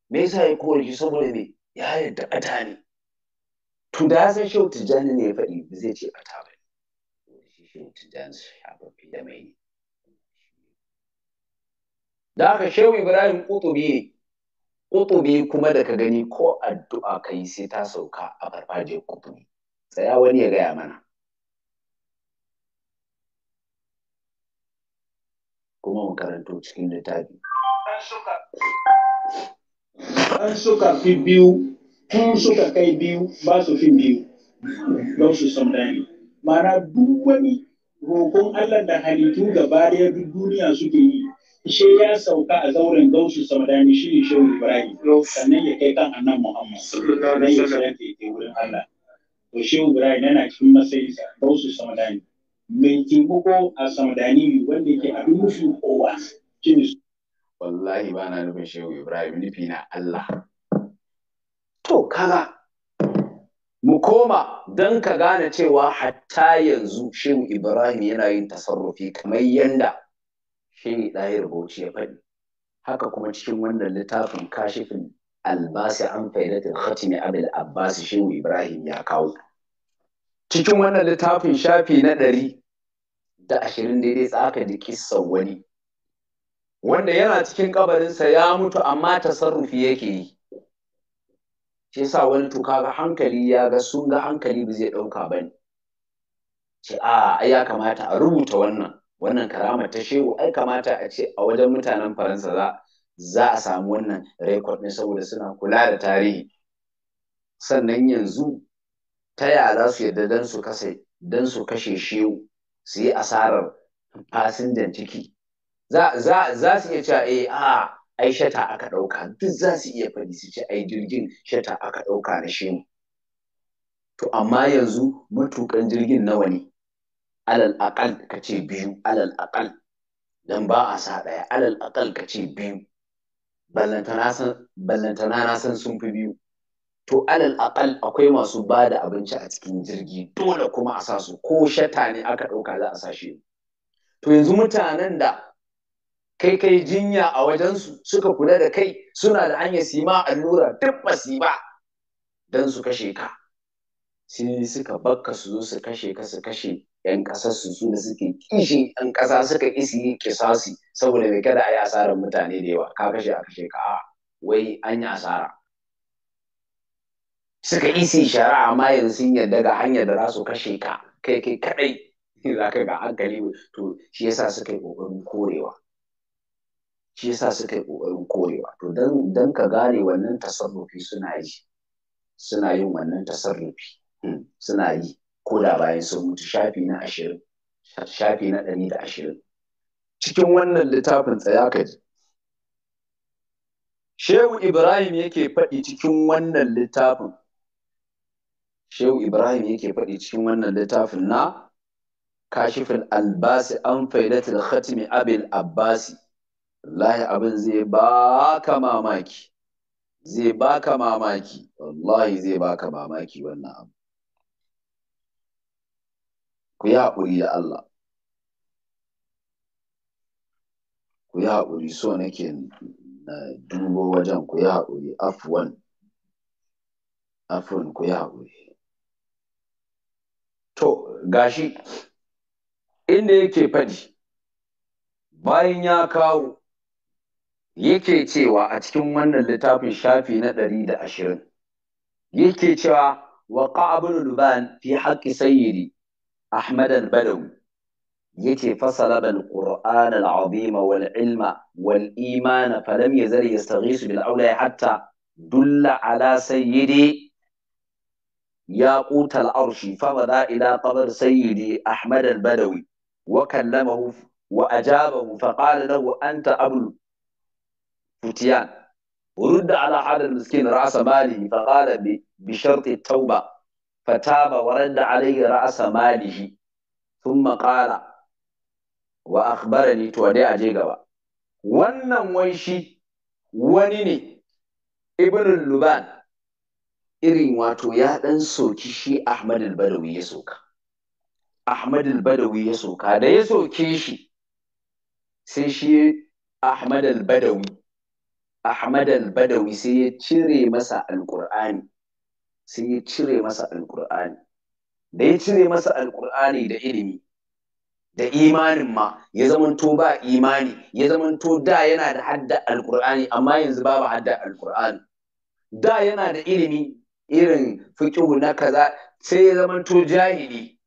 me yasa ya kore shi saboda me ya yarda ƙata ne to da san shehu ne ya faɗi zai ce ƙata ba shi shehu shi abin da mai ne da haka shehu ibrahim kutubi kutubi kuma da ka gani ko addu'a ka yi sai ta sauka a farfajiyar kutubi tsaya wani ya gaya mana kuma mu karanto cikin littafi an suka fi biyu kun suka kai biyu ba su fi biyu don su samdani Mana duk wani roƙon allah da halittu gaba duk duniya suke yi shi ya sauka a zauren gausu samadani shi ne shehu ibrahim sannan ya kai kan annan muhammad sannan ya sarrafa ya kai wurin allah to shehu ibrahim yana cikin matsayin gausu samadani mai taimako a samadani ne wanda yake abin nufin kowa shi ne wallahi ba na nufin shehu ibrahim nufi na allah to kaga mu koma don ka gane cewa hatta yanzu shehu ibrahim yana yin tasarrufi kamar yanda ne ɗaya bauchi ya faɗi haka kuma cikin wannan littafin kashifin albasi an faidatul khatimi abul abbas shehu ibrahim ya kawo cikin wannan littafin shafi na ɗari da ashirin daidai tsaka da kissa wani wanda yana cikin kabarinsa ya mutu amma tasarrufi yake yi shi yasa wani to kaga hankali ya ga sun ga hankali ba zai ɗauka ba ne ce a ya kamata a rubuta wannan wannan karama ta shehu ai kamata a ce a wajen mutanen faransa za za a samu wannan rekod ne saboda suna kula da tarihi sannan yanzu ta ya za su yarda don su kashe don su kashe shehu su yi asarar fasinjan ciki za su iya cewa eh a ai shata aka ɗauka duk za su iya faɗi su ce ai jirgin shata aka ɗauka na shehu to amma yanzu matukan jirgin nawa ne alal aƙal ka ce biyu alal aƙal dan ba a sa ɗaya alal aƙal ka ce biyu ballantana na san sun fi biyu to alal aƙal akwai masu ba da abinci a cikin jirgi dole kuma a sa su ko shata ne aka ɗauka za a sa shi to yanzu mutanen da kai kai jinya a wajensu suka kula da kai suna da hanyar sima allura duk ba don su kashe ka sai suka bakka su zo su kashe ka su kashe 'yan ƙasar su su da suke mm. kishi 'yan ƙasa suka isi kisasi saboda mai kada a yi asarar mutane da yawa ka kashe a kashe ka wai an yi asara suka isi shari'a amma yanzu sun yarda ga hanyar da za su kashe ka kai kai kadai *laughs* za ka ga hankali to shi yasa suka yi kokarin korewa shi yasa suka yi ƙoƙarin korewa to dan dan ka gane wannan tasarrufi suna yi suna yin wannan tasarrufi hmm, suna yi ko da bayan sun mutu shafi na ashirin shafi na ɗari da ashirin cikin wannan littafin tsaya ka ji shehu ibrahim yake faɗi cikin wannan littafin shehu ibrahim yake faɗi cikin wannan littafin na kashifin albasi an faidatul khatimi abil abbasi wallahi abin zai baka mamaki zai baka mamaki wallahi zai baka mamaki wannan abu ku yi haƙuri da Allah ku yi haƙuri so nake na dubo wajen ku yi haƙuri afuwan afuwan ku yi haƙuri to gashi inda yake faɗi bayan ya kawo yake cewa a cikin wannan littafin shafi na ɗari da ashirin yake cewa wa ƙa'abin ruban fi haƙƙi sayyidi أحمد البدوي يتي فصل بالقرآن العظيم والعلم والإيمان فلم يزل يستغيث بالأولى حتى دل على سيدي ياقوت العرش فبدا إلى قبر سيدي أحمد البدوي وكلمه وأجابه فقال له أنت أبو الفتيان ورد على هذا المسكين رأس ماله فقال بشرط التوبة fataba wa radda alayhi ra'sa malihi thumma qala wa akhbarani to dai aje gaba wannan wai shi wani ne ibn luban irin wato ya dan soki shi ahmad al-badawi ya soka ahmad al-badawi ya soka da ya soke shi sai shi ahmad al-badawi ahmad al-badawi sai ya cire masa alqur'ani sai ya cire masa alƙur'ani da ya cire masa alƙur'ani da ilimi da imanin ma ya zamanto ba imani ya zamanto da yana da hadda alƙur'ani amma yanzu ba ba hadda alƙur'ani da yana da ilimi irin fiƙihu na kaza sai ya zamanto jahili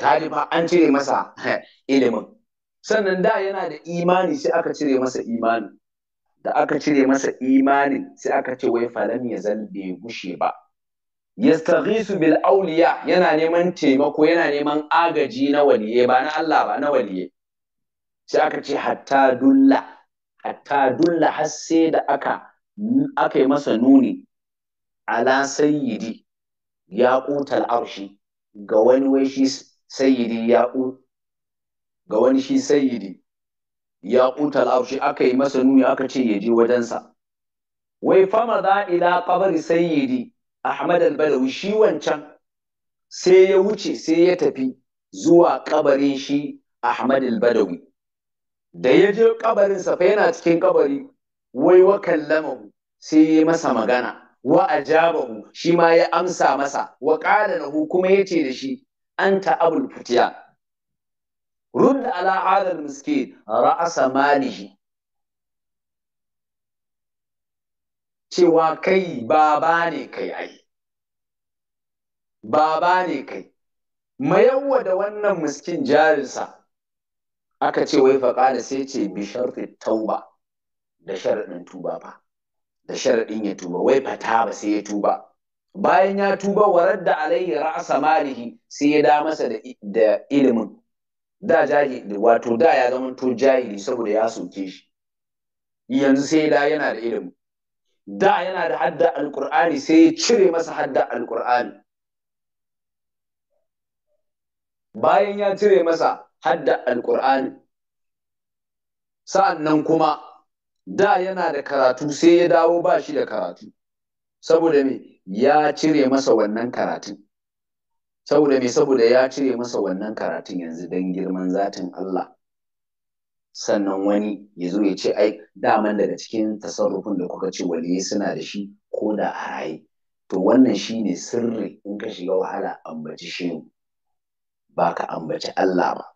talifa an cire masa *laughs* ilimin sannan da yana da imani sai aka cire masa imani da aka cire masa imanin sai aka ce wai falam ya zan bai gushe ba yastaghisu bil auliya yana neman taimako yana neman agaji na waliye ba na Allah ba na waliye sai aka ce hatta dulla hatta dulla har sai da aka aka yi masa nuni ala sayyidi ya kutal arshi ga wani wai shi sayyidi ya ga wani shi sayyidi ya kutal arshi aka yi masa nuni aka ce ya je wajensa wai fama da ila qabri sayyidi Ahmad al-Badawi shi wancan sai ya wuce sai ya tafi zuwa kabarin shi Ahmad al-Badawi da ya je kabarin sa fa yana cikin kabari wai wa kallamahu sai ya masa magana wa ajabahu shi ma ya amsa masa wa qala lahu kuma yace da shi anta abul futiya rudd ala hadha al-miskin ra'asa malihi cewa kai baba ne kai ai baba ne kai mayawwa da wannan miskin jarinsa aka ce wai faƙala sai ce bi sharfi tauba da sharaɗin tuba ba da sharaɗin ya tuba wai fata ba sai ya tuba bayan ya tuba warar da alaihi ra'asa malihi sai ya da masa da ilimin da jahili wato da ya zama to jahili saboda ya soke shi yanzu sai da yana da ilimi da yana da hadda Alƙur'ani sai ya cire masa hadda Alƙur'ani. bayan ya cire masa hadda alkur'ani sa'annan kuma da yana da karatu sai ya dawo ba shi da karatu saboda me ya cire masa wannan karatun saboda me saboda ya cire masa wannan karatun yanzu don girman zatin Allah sannan wani ya zo ya ce ai daman daga cikin tasarrufin da kuka ce waliyi suna da shi ko da a raye to wannan shi ne sirri in ka shiga wahala ambaci shi ba ka ambaci Allah ba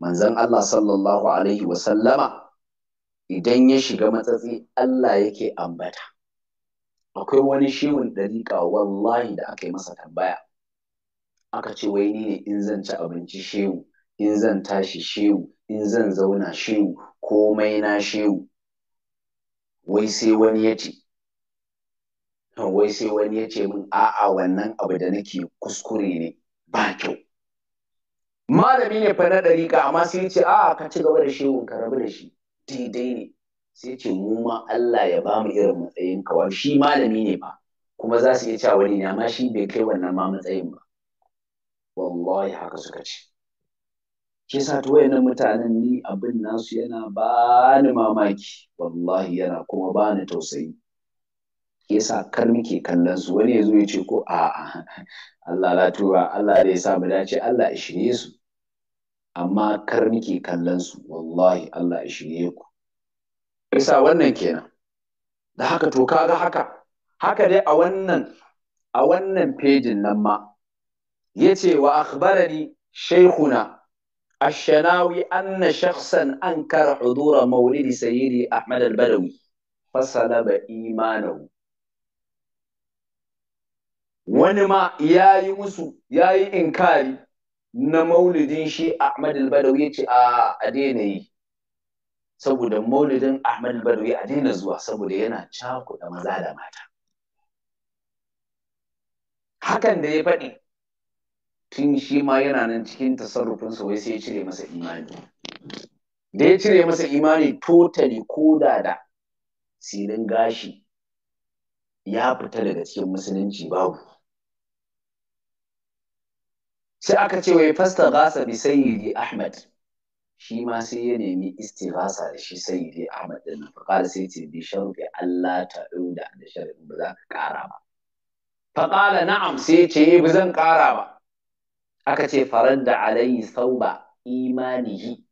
manzon Allah sallallahu alaihi wa sallama idan ya shiga matsatsi Allah yake ambata akwai wani shehun dariƙa wallahi da aka yi masa tambaya aka ce wai ni ne in zan ci abinci shehu in zan tashi shehu in zan zauna shehu komai na shehu wai sai wani ya ce wai sai wani ya ce min a'a wannan abu da nake kuskure ne ba kyau malami ne fa na ɗariƙa amma sai ya ce a'a ka ci gaba da shehu ka rabu da shi daidai ne sai ya ce mu ma Allah ya bamu irin matsayin ka shi malami ne ba kuma za su iya cewa wani ne amma shi bai kai wannan ma matsayin ba wallahi haka suka ce shi yasa to wayannan mutanen ni abin nasu yana ba ni mamaki wallahi yana kuma ba ni tausayi shi yasa kar muke kallon su wani yazo ya ce ko a'a Allah la tura. Allah zai sa mu dace Allah ya shirye su amma kar muke kallon su wallahi Allah ya shirye ku yasa wannan kenan da haka to kaga haka haka dai a wannan a wannan fejin nan ma yace wa akhbarani shaykhuna الشناوي أن شخصا أنكر حضور مولد سيدي أحمد البدوي فصلب إيمانه wani ma yayi yi musu ya inkari na maulidin shi Ahmad al a daina yi saboda maulidin Ahmad al a daina zuwa saboda yana cakuɗa maza da mata hakan da ya faɗi tun shi ma yana nan cikin tasarrufinsa wai sai ya cire masa imani da ya cire masa imani totally ko da da silin gashi ya fita daga cikin musulunci babu sai aka ce wai fasta gasa bi sayyidi ahmad shi ma sai ya nemi istighasa da shi sayyidi ahmad din nan faqala sai ce bi sharfi allah ta'uda da sharfi ba za ka kara ba faqala na'am sai ce eh, ba zan kara ba aka ce faran da alayhi sauba imanihi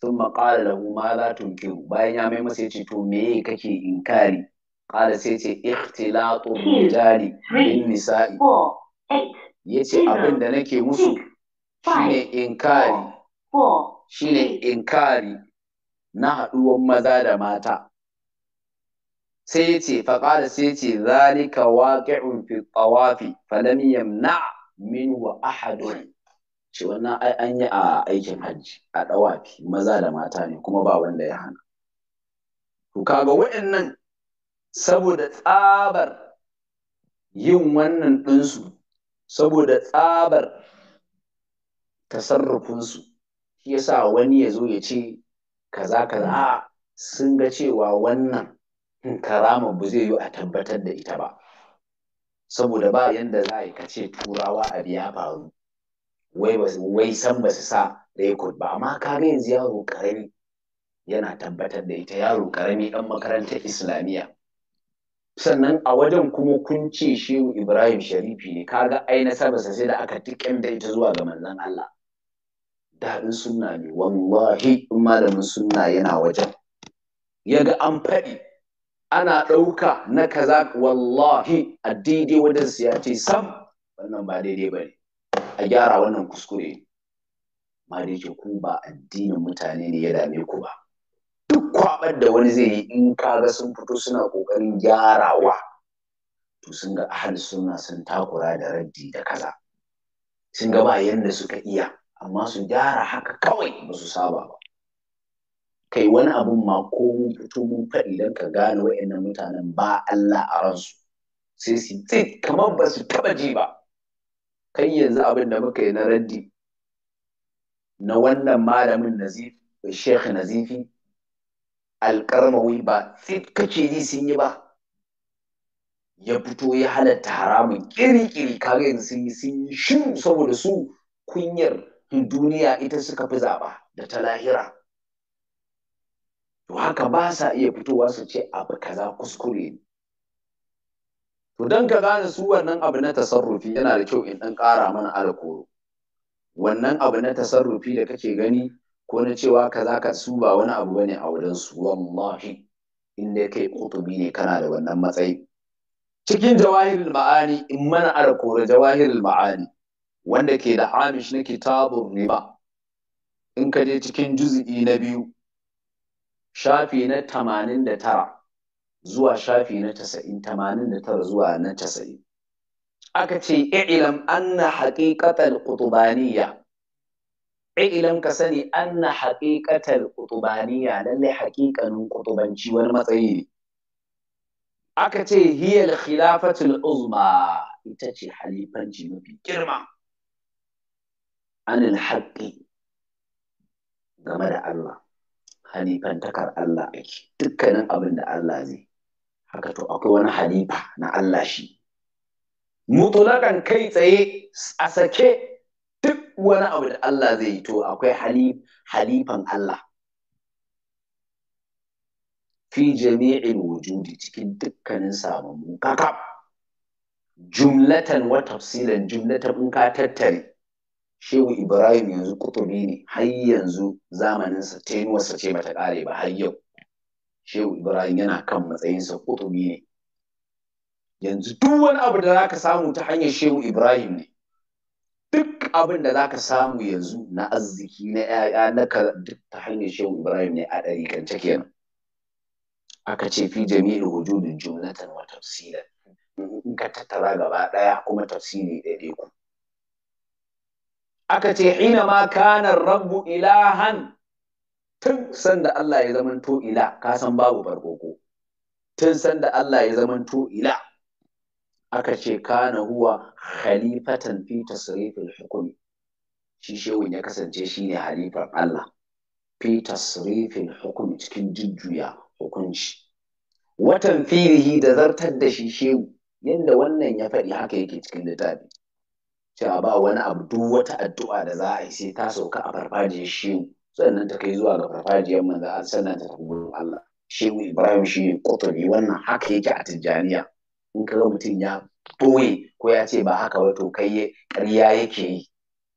sun maƙala lahu ma tun tunkiru bayan ya mai masa ce to me kake inkari ƙala sai ce ikhtilatu rijali bin nisa'i Ya ce abin da nake musu shine inkari shine inkari na haɗuwan maza da mata sai yace fa ƙala sai ce zalika waƙi'un fi tsawafi falam yamna' min wa ahadun ce wannan ai an yi a aikin hajji a dawafi maza da mata ne kuma ba wanda ya hana to kaga wa'annan saboda tsabar yin wannan ɗinsu saboda tsabar tasarrufinsu shi yasa wani ya zo ya ce kaza kaza sun ga cewa wannan karamar ba zai yi a tabbatar da ita ba saboda ba yanda za a ka ce turawa a biya faru wai san ba su sa rekod ba amma ka ga yanzu yaro karami yana tabbatar da ita yaro karami dan makarantar islamiyya sannan a wajen kuma kun ce shehu ibrahim sharifi ne kaga ai nasabarsa sai da aka tikin da ita zuwa ga manzon allah daɗin sunna ne wallahi malamin sunna yana wajen Yaga an faɗi ana ɗauka na kaza wallahi a daidai wajen siya ce sam wannan ba daidai ba ne a gyara wannan kuskure ma da yake ku ba addinin mutane ne ya dame ku ba duk kwabar da wani zai yi in kaga sun fito suna ƙoƙarin gyarawa to sun ga ahal suna sun takura da raddi da kaza sun ga ba yanda suka iya amma su gyara haka kawai ba su saba ba kai wani abun ma ko mun fito mun faɗi don ka gane wa'annan mutanen ba Allah a ransu sai su kamar ba su taɓa ji ba Kai yanzu abin da muka yi na raddi na wannan malamin nazif shekh nazifi alƙarmawi ba tsit ji sun yi ba ya fito ya halatta haramun kirikiri kaga yanzu sun yi shiru saboda su kunyar duniya ita suka fi zaɓa da ta lahira to haka ba sa iya fitowa su ce abu kaza kuskure ne to dan ka gane su wannan abu na tasarrufi yana da kyau in ɗan ƙara mana alkoro wannan abu na tasarrufi da kake gani ko na cewa ka za ka su ba wani abu bane a wajen su wallahi inda kai kutubi ne kana da wannan matsayi cikin jawahir ma'ani in mana alkoro jawahir ma'ani wanda ke da Amish na kitabun riba in ka je cikin juz'i na biyu shafi na tamanin da tara zuwa shafi na tasa'in tamanin da tara zuwa na tasa'in aka ce ilam anna haƙiƙatar ƙutubaniya ilam ka sani anna haƙiƙatar ƙutubaniya lallai haƙiƙanin ƙutubanci wani matsayi ne aka ce hiyar khilafatul uzma ita ce halifanci mafi girma anil haƙƙi game da Allah halifantakar Allah ake dukkanin abin da Allah zai haka to akwai wani halifa na Allah shi mutulakan kai tsaye a sake duk wani abu da Allah zai yi to akwai halifan Allah fi jami'in wujudi cikin dukkanin samun kaka jumlatan wa tafsilan jumlatan in ka tattare shehu ibrahim yanzu kutubi ne har yanzu zamaninsa tenuwarsa ce bata kare ba har yau shehu ibrahim yana kan matsayinsa kutubi ne yanzu duk wani abu da zaka samu ta hanyar shehu ibrahim ne duk abin da zaka samu yanzu na arziki na yaya na duk ta hanyar shehu ibrahim ne a take kenan aka ce fi jami'in hujudin jumlatan wa tafsila in ka tattara gaba ɗaya kuma tafsiri ku. aka ce "Ina ma kanar rabbu ilahan tun sanda Allah ya zamanto ila ka san babu barkoko tun sanda Allah ya zamanto ila aka ce kana huwa khalifatan fi tasrifil hukumi shi shehun ya kasance shine halifar Allah fi tasrifil hukumi cikin jujjuya hukunci watan firihi da zartar da shi shehu yadda wannan ya faɗi haka yake cikin littafi cewa ba wani abu duk wata addu'a da za a yi sai ta sauka a farfajiyar shehu sannan ta kai zuwa ga farfajiyar manzo an sannan ta tafi Allah shehu Ibrahim shi ne kutubi wannan haka yake a Tijjaniya in ka ga mutum ya boye ko ya ce ba haka ba to kai ƙarya yake yi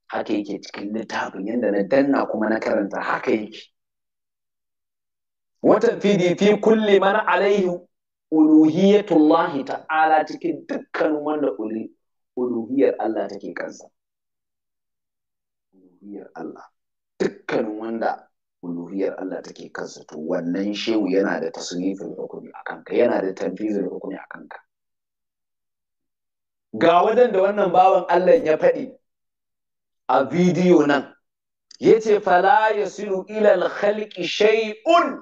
haka yake cikin littafin yadda na danna kuma na karanta haka yake wata fidi fi kulli man alaihi uluhiyatullahi ta'ala cikin dukkan wanda uluhiyar Allah take kansa uluhiyar Allah dukkanin wanda uluhiyar Allah take kansa to wannan shehu yana da tasnifin hukumi a kanka yana da tanfizin hukumi a kanka ga wadan da wannan bawan Allah ya faɗi a bidiyo nan yace fala yasiru ila al-khalqi shay'un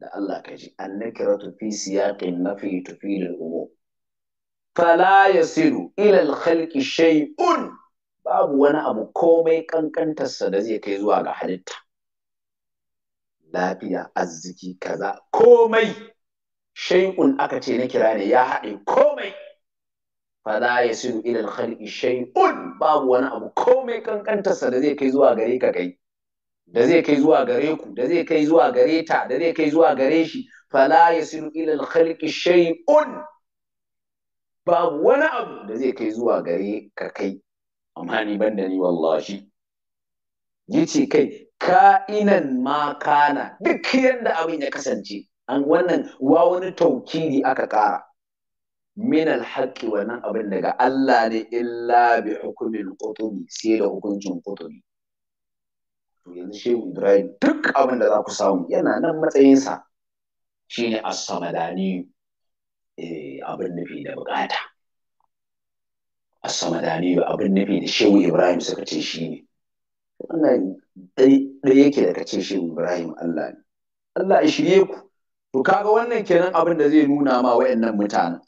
da Allah ka ji annakiratu fi siyaqin nafi tufilul umum fala ya siru ilal halki shay'un babu wani abu komai kankantarsa da zai kai zuwa ga halitta lafiya arziki kaza komai shay'un aka ce na kira ne ya haɗe komai fala ya siru ilal halki shay'un babu wani abu komai kankantarsa da zai kai zuwa gare ka kai da zai kai zuwa gare ku da zai kai zuwa gare ta da zai kai zuwa gare shi fala ya siru ilal halki shay'un babu wani abu da zai kai zuwa gare ka kai amma ni ban da ni wallahi yace kai ka'inan ma kana duk yanda abin ya kasance an wannan wa wani taukiri aka kara min alhaqi wannan abin daga Allah ne illa bi hukumin qutubi sai da hukuncin qutubi to yanzu shehu Ibrahim duk abin da za ku samu yana nan matsayinsa shine as-samadani Eh, abin nufi da bukata da ni abin nufi da shehu ibrahim suka ce shi ne wannan dai yake da kace shehu ibrahim Allah ne Allah ya shirye ku to kaga wannan kenan abin da zai nuna ma wayannan mutanen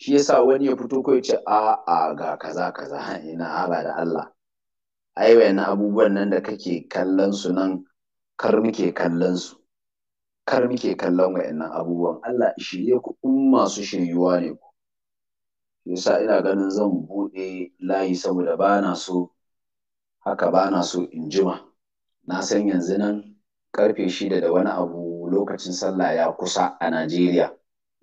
shi yasa wani ya fito ko ya a a ga kaza kaza ina haba da Allah ai wayannan abubuwan nan da kake kallon su nan kar muke kallon su kar muke kallon wa'annan abubuwan Allah shirye ku in masu shiryuwa ne ku yasa ina ganin zan buɗe layi saboda ba na so haka ba na so in jima na san yanzu nan karfe shida da wani abu lokacin sallah ya kusa a Najeriya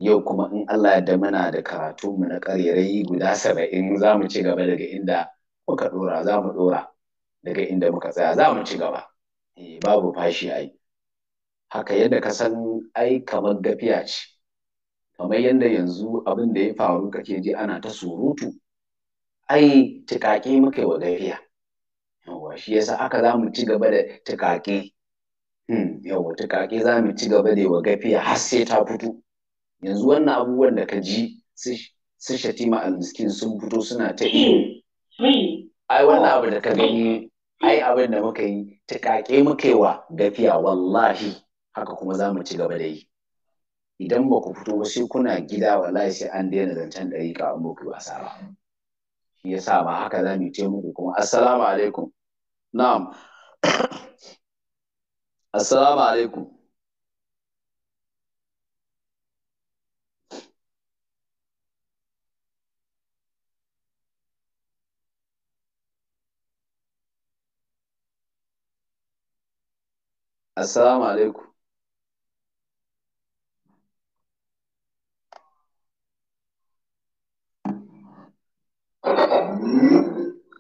yau kuma in Allah da muna da mu na ƙarerai guda saba'in za mu ci gaba daga inda muka ɗora za mu ɗora daga inda muka tsaya za mu ci gaba eh, babu fashi ai haka yadda ka san ai kamar gafiya ce kamar yadda yanzu abin da ya faru kake ji ana ta surutu ai tuƙaƙe muka yi wa gafiya yawa shi yasa aka za mu ci gaba da tuƙaƙe hmm, yawa tuƙaƙe za mu ci gaba da wa gafiya har sai ta fito yanzu wannan abubuwan da ka ji su shatima almiskin sun fito suna ta iyo ai wannan abu da ka gani ai abin da muka yi tuƙaƙe muka yi wa gafiya wallahi haka kuma za mu ci gaba da yi idan ba ku fito ba sai kuna gida wallahi sai an daina zancen ka an muku wasa ba shi sa ba haka za mu ce muku kuma assalamu alaikum na'am *coughs* assalamu alaikum Assalamu alaikum.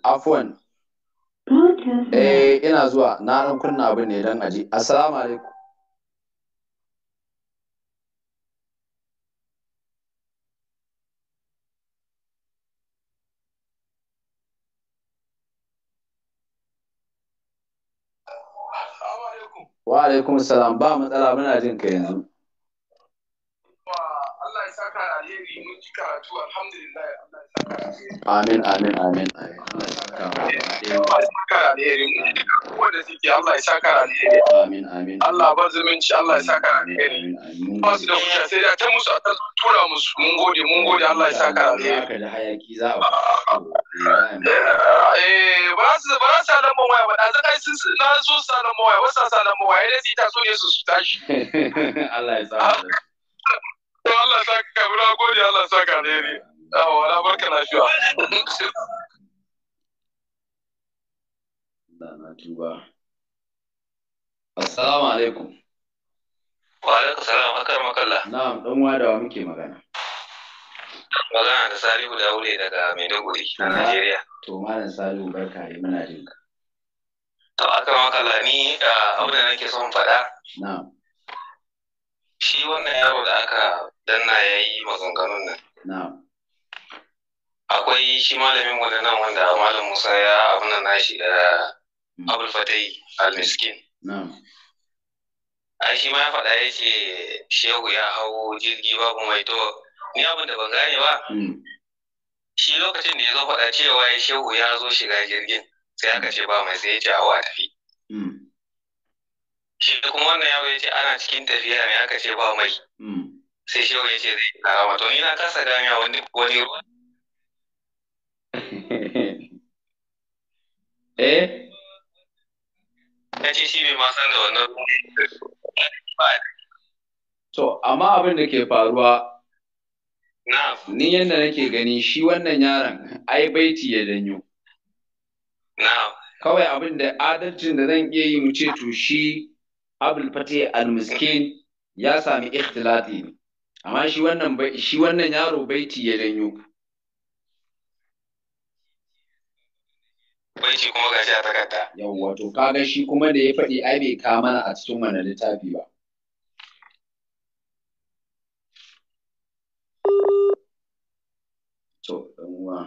Afwan. Eh, ina zuwa, na nan kunna abin ne don aji. Assalamu alaikum. Wa alaikum salam ba matsala muna jin ka yanzu. amin amin amin amin amin Allah ba zumunci Allah ya alheri ba su da sai ta musu a tura musu mun gode mun gode Allah ya alheri eh, za su sa waya ba sun na so sa waya wasa sa waya dai ta so ne su tashi *laughs* Allah ya to Allah sa ka muna gode Allah sa ka alheri yawa na barka na shuwa na tuba assalamu alaikum wa alaikum salam akar makalla na'am dan wadawa muke magana magana da Salihu da Aure daga Maiduguri a Najeriya to malam Salihu barka ne muna jin ka to akar makalla ni A ah, abin da nake son faɗa na'am shi wannan yaro da aka dan na yi mazunganun nan akwai shi malamin mu nan wanda malam Musa ya abuna nashi eh, mm. Abul Fatai al-Miskin ai shi ma ya faɗa ya ce shehu ya hau jirgi babu mai to ni abin da ban gane ba mm. shi lokacin da ya zo faɗa cewa ya shehu ya zo shiga jirgin sai aka ce ba mai sai ya ce awa tafi mm. shi kuma wannan ya ce ana cikin tafiya ne aka ce ba mai sai shi ya ce zai yi karama ni na kasa ganewa wani wani ruwa *laughs* eh ya ce shi bai ma san da wannan ruwa to amma abin da ke faruwa ni yadda nake gani shi wannan yaron ai baiti ya janyo kawai abin da adalcin da zan iya yi mu ce to shi abul fatih al-miskin ya sami ikhtilati ne amma shi wannan shi wannan yaro baiti ya janyo baiti kuma gashi a takarda yawwa to kaga shi kuma da ya faɗi ai bai mana a cikin mana littafi ba to dan uwa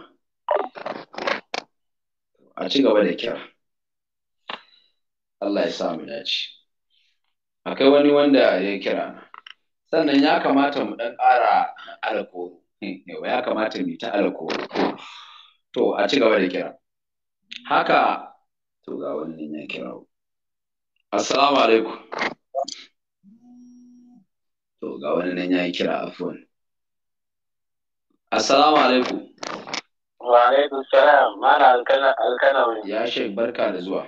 a ci gaba da kira Allah ya sa mu dace akwai wani wanda ya kira na sannan ya kamata mu ɗan ƙara alkoro ya kamata mu ta alkoro to a ci gaba da kira haka to ga wannan ya kira assalamu alaikum to ga wannan ya kira afwan assalamu alaikum wa alaikum salam mana alkana alkana ya shek barka da zuwa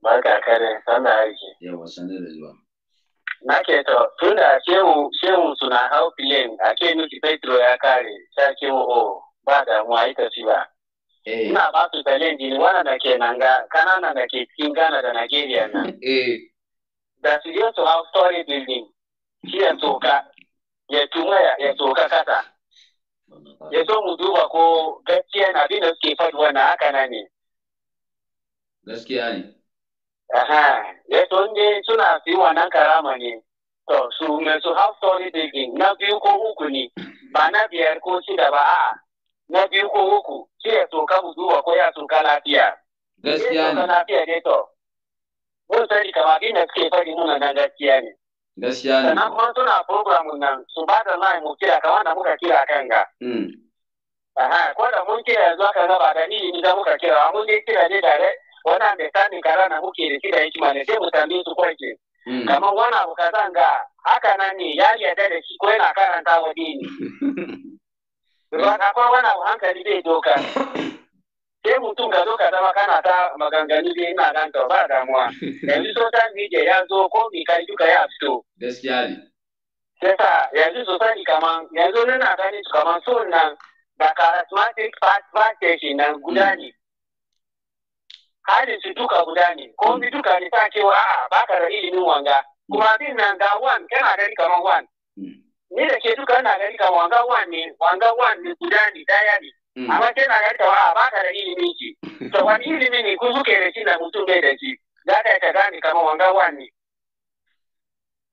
barka kare sannan aiki yawa sanda da zuwa nake to tunda shehu shehu suna hau filin a ke miki petro ya kare sai ke o oh, ba mu ita ba eh. ina ba su filin jini da ke nan ga kanana da ke cikin Ghana da Nigeria na. *laughs* Eh. da su je su hau story building shi ya tsoka ya tuma ya tsoka kasa ya zo mu duba ko gaskiya na abin da suke faɗi wannan haka na ne gaskiya ne ya ne suna su wannan karama ne to su mai su half story digging na biyu ko uku ne ba na biyar ko shida ba a'a na biyu ko uku shi ya soka mu ko ya soka lafiya gaskiya ne lafiya ne to mun sani kamar inda suke fari muna nan gaskiya ne gaskiya ne sannan kuma suna program nan su ba da line mu kira kamar da muka kira kan ga hmm. ko da mun kira yanzu aka raba da ni ni da muka kira mun dai kira ne direct wannan mekani kaza na kuke da kida hikima ne sai mu tambaye su kwanke kamar wani abu kaza ga haka nan ne ya yarda da shi ko yana karanta wa dini ba ka kwa wani abu hankali bai doka sai mutum ka zo ka zama kana ta maganganu dai ina nan to ba damuwa yanzu social media ya zo ko mi kai duka ya fito gaskiya ne yasa yanzu sosai kaman yanzu nuna ganin kaman so nan da charismatic fast station nan guda ne halin su duka guda ne ko bi duka ne ta cewa a'a baka da ilimin wanga kuma bin nan ga wan kana gani kamar wan ni da ke duka na gari kamar wanga wan ne wanga wan ne guda ne daya ne amma kana gani kamar a'a Ba baka da ilimin ki to wani ilimi ne ku suke da shi da mutum bai da shi za ka ta gane kamar wanga wan ne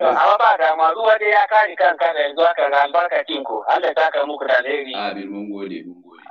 amma ba dama ruwa dai ya kare kanka da yanzu haka albarkacin ku Allah ta ka muku da alheri amin mun gode mun gode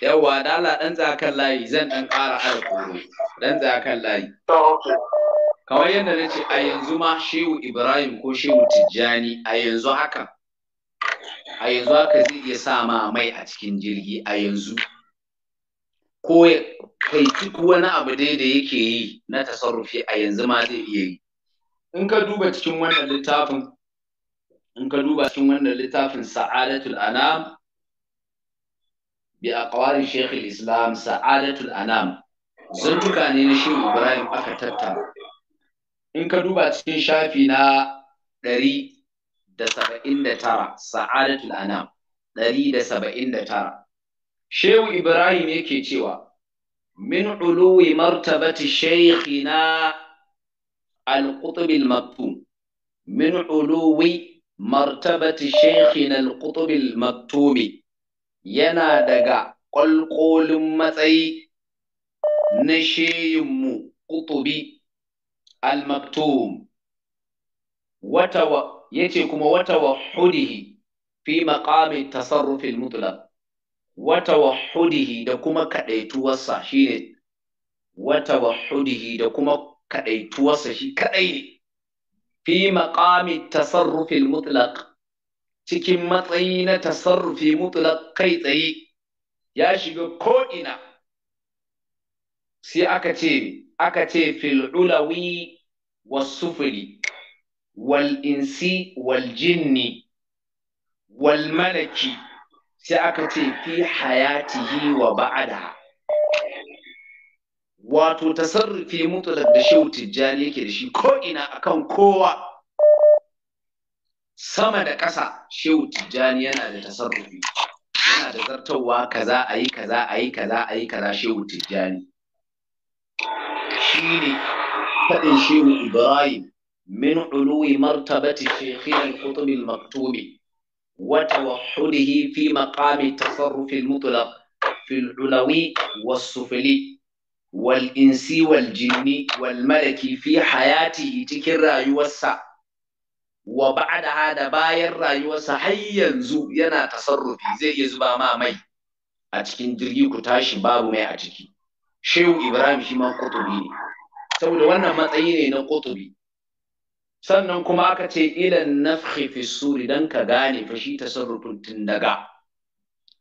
Yawwa, salam ɗan zakan layi zan ɗan ƙara alƙuru ɗan zakan layi kamar yadda na ce a yanzu ma shehu ibrahim ko shehu tijjani a yanzu haka a yanzu haka zai iya sa ma mai a cikin jirgi a yanzu ko kai duk wani abu dai da yake yi na tasarrufi a yanzu ma zai iya yi in ka duba cikin wannan littafin in ka duba cikin wannan littafin sa'adatul anam bi aqwali shaykh islam sa'adatul anam zantuka ne na Shehu ibrahim aka tattara in ka duba cikin shafi na ɗari da saba'in da tara sa'adatul anam ɗari da saba'in da tara shehu ibrahim yake cewa min uluwi martabati shaykhina al-qutb al-maktum min uluwi martabati shekhinal al-qutbil maktumi yana daga ƙwalƙolin matsayi na sheyinmu ƙutubi al-maktum ya ce kuma wata wahudihi fi maƙamin tasarrufin mutula wata wahudihi da kuma kaɗaituwarsa shi ne wata wahudihi da kuma kaɗaituwarsa shi kaɗai ne fi maqami tasarrufin mutlaq cikin matsayi na tasarrufi mutlaq kai tsaye ya shiga ko'ina. sai aka ce aka ce fil ulawi wal insi wal jinni wal malaki sai aka ce fi hayatihi wa ba'adaha. wato tasarrufi mutlaq da shehu tijjani yake da shi ko ina akan kowa sama da ƙasa shehu tijjani yana da tasarrufi yana da zartawa kaza a yi kaza a yi kaza a yi kaza shehu tijjani shi ne faɗin shehu ibrahim min uluwi martabati shekhina al-qutb Wata maktubi wa tawahhudihi fi maqami tasarrufi al-mutlaq fi wasu fili? wal insi wal jinni wal malaki fi cikin rayuwarsa wa da bayan rayuwarsa har yanzu yana tasarrufi zai iya zuba ma mai a cikin jirgi ku tashi babu mai a ciki shehu ibrahim shi ma ne saboda wannan matsayi ne na kutubi sannan kuma aka ce ilan nafhi fi suri dan ka gane fa shi tasarrufin tun daga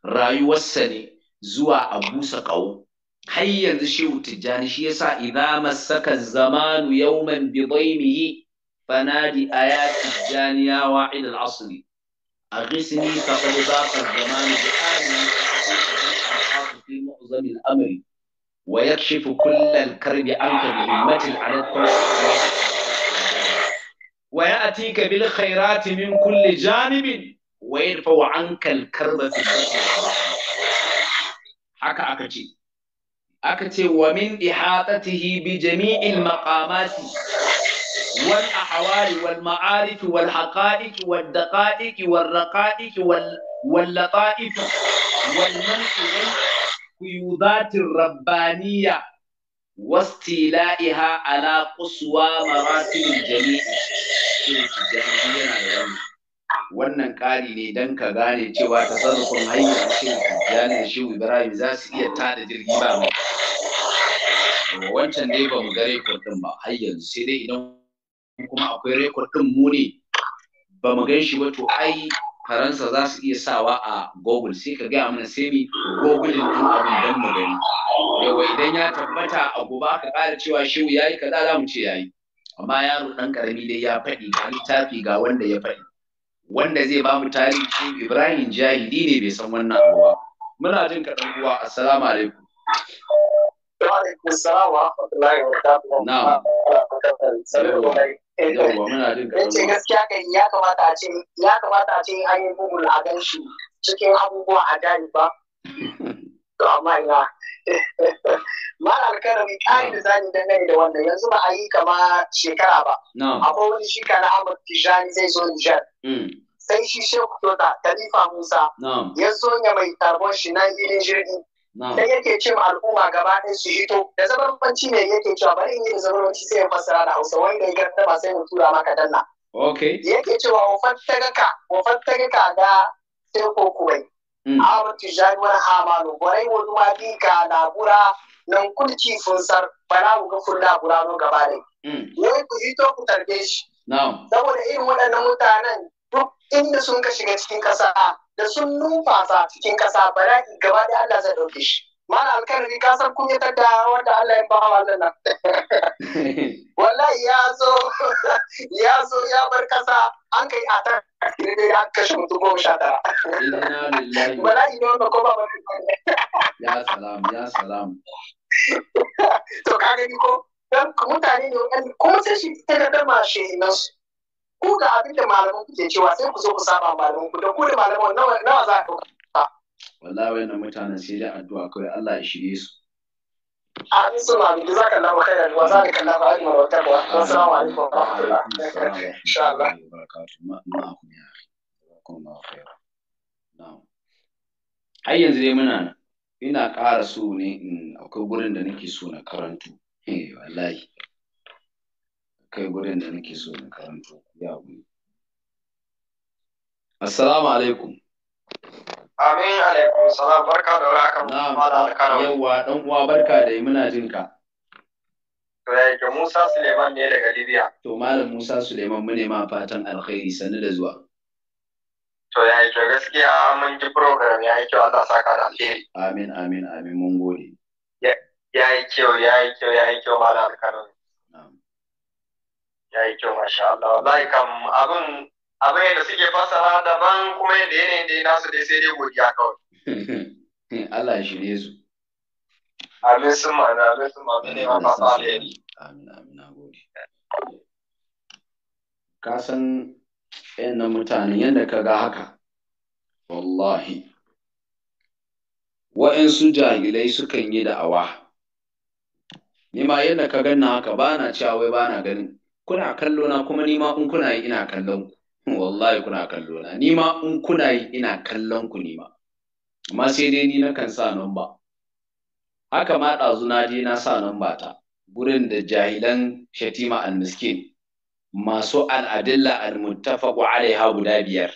rayuwarsa ne zuwa a busa ƙaho هي يانزو شوت شيسا إذا مسك الزمان يوما بضيمه فنادي آيات الجانية واعد العصر أغسني فقد ضاق الزمان بآمن في معظم الأمر ويكشف كل الكرب عنك بهمة على الطرق ويأتيك بالخيرات من كل جانب ويرفع عنك الكرب في حكى أكتشي aka ce wa min ihatatihi bi jami'il maqamati wal ahwali wal ma'arif wal haqa'iq wal daqa'iq wal raqa'iq wal wal lata'if wal manqib qiyudat rabbaniyya واستيلائها على قصوى مراتب الجميع. wannan ƙari ne don ka gane cewa ta tasarrufin hanyar shehu tijjani shi ibrahim za su iya tada jirgi ba mu wancan dai ba mu ga rekod din ba har yanzu sai dai idan kuma akwai rekod din mu ne ba mu gan shi ba ai faransa za su iya sawa a google sai ka gaya mana sai mi google din abin don mu gani yawa idan ya tabbata a gobe aka ƙara cewa shehu yayi kaza za mu ce yayi amma yaro ɗan ƙarami dai ya faɗi ga littafi ga wanda ya faɗi wanda zai ba mu tarihi Ibrahim Jahili ne bai san wannan abu ba. Muna jin ka dan uwa assalamu alaikum. Na'am. Yawwa muna jin ka. Yace gaskiya kan ya kamata a ce ya kamata a ce an yi Google a shi cikin abubuwa a ba. *laughs* To amma ina *laughs* Malar karami ƙari da zani dangane da wanda yanzu ba a yi kama shekara ba. Akwai wani shi na Ahmad Tijani zai zo Nijar. Mm. Sai shi Shehu Tota, Talifa Musa, ya zo ya mai tarbon shi na filin jirgi. Sai yake ce ma al'umma gaba ɗaya su hito da zabarbanci ne yake cewa bari in yi da banci sai ya fassara da Hausa wanda ya ba sai mu tura maka danna. Yake cewa wafattagaka wafattagaka da sai ko kuwai. Mm. Ahmad Tijjani mana hamano gwarai wani mafi ka labura nan sun sar bana mu ga kun labura no gaba ne. Mm. Wai ku yi to ku tarbe shi. Saboda irin waɗannan mutanen duk inda sun ka shiga cikin ƙasa da sun numfasa cikin ƙasa bala'i gaba da Allah zai ɗauke shi. mana alkarri ka san kunyatar da wanda Allah ya ba wa nan *laughs* wallahi ya zo *laughs* ya zo ya bar kasa an kai a tar ne ya kashe mutum ko sha tara wallahi ne wanda ko ba wani ya salam ya salam *laughs* to ka ni ko mutane ne wani kuma sai shi ta da dama shi su? ku ga abin da malamin ku ke cewa sai ku zo ku saba malamin ku da ku da malamin nawa za a ɗauka wallahi wannan mutanen sai dai addu'a kawai Allah ya shirye su amin su ma zaka assalamu alaikum wa insha Allah har yanzu dai muna ina ƙara so ne in akwai gurin da nake so na karantu eh wallahi akwai gurin da nake so na karanto. ya Assalamu alaikum. Amin alaikum salam barka da raka mala alkarawi. Yawwa dan uwa barka da muna jin ka. To yake Musa Suleiman ne daga Libya. To malam Musa Suleiman mu ne ma fatan alkhairi sanu da zuwa. To ya kyau gaskiya mun ji program ya yi kyau Allah saka da alheri. Amin amin amin mun gode. Ya yi kyau ya yi kyau ya yi kyau da alkarawi. Ya yi kyau masha Allah wallahi kam abin abin da suke fasara daban kuma yadda yanayin da nasu dai sai dai godiya kawai *laughs* Allah shi ne su amin sun ma amin sun ma ne ma fasa amin amin gode ka san yana mutane yadda ka ga haka wallahi wa'insu jahilai sukan yi da'awa ni ma yadda ka ganna haka ba na cewa wai ba na ganin kuna kallona kuma ni ma in kuna yi ina kallon ku Hmm. wallahi kuna kallo na ni ma in kuna yi ina kallon ku ni ma amma sai dai ni nakan sa namba haka ma ɗazu na je na sa namba ta gurin da jahilan shatima al-miskin masu al'adilla al-muttafaqu alaiha guda biyar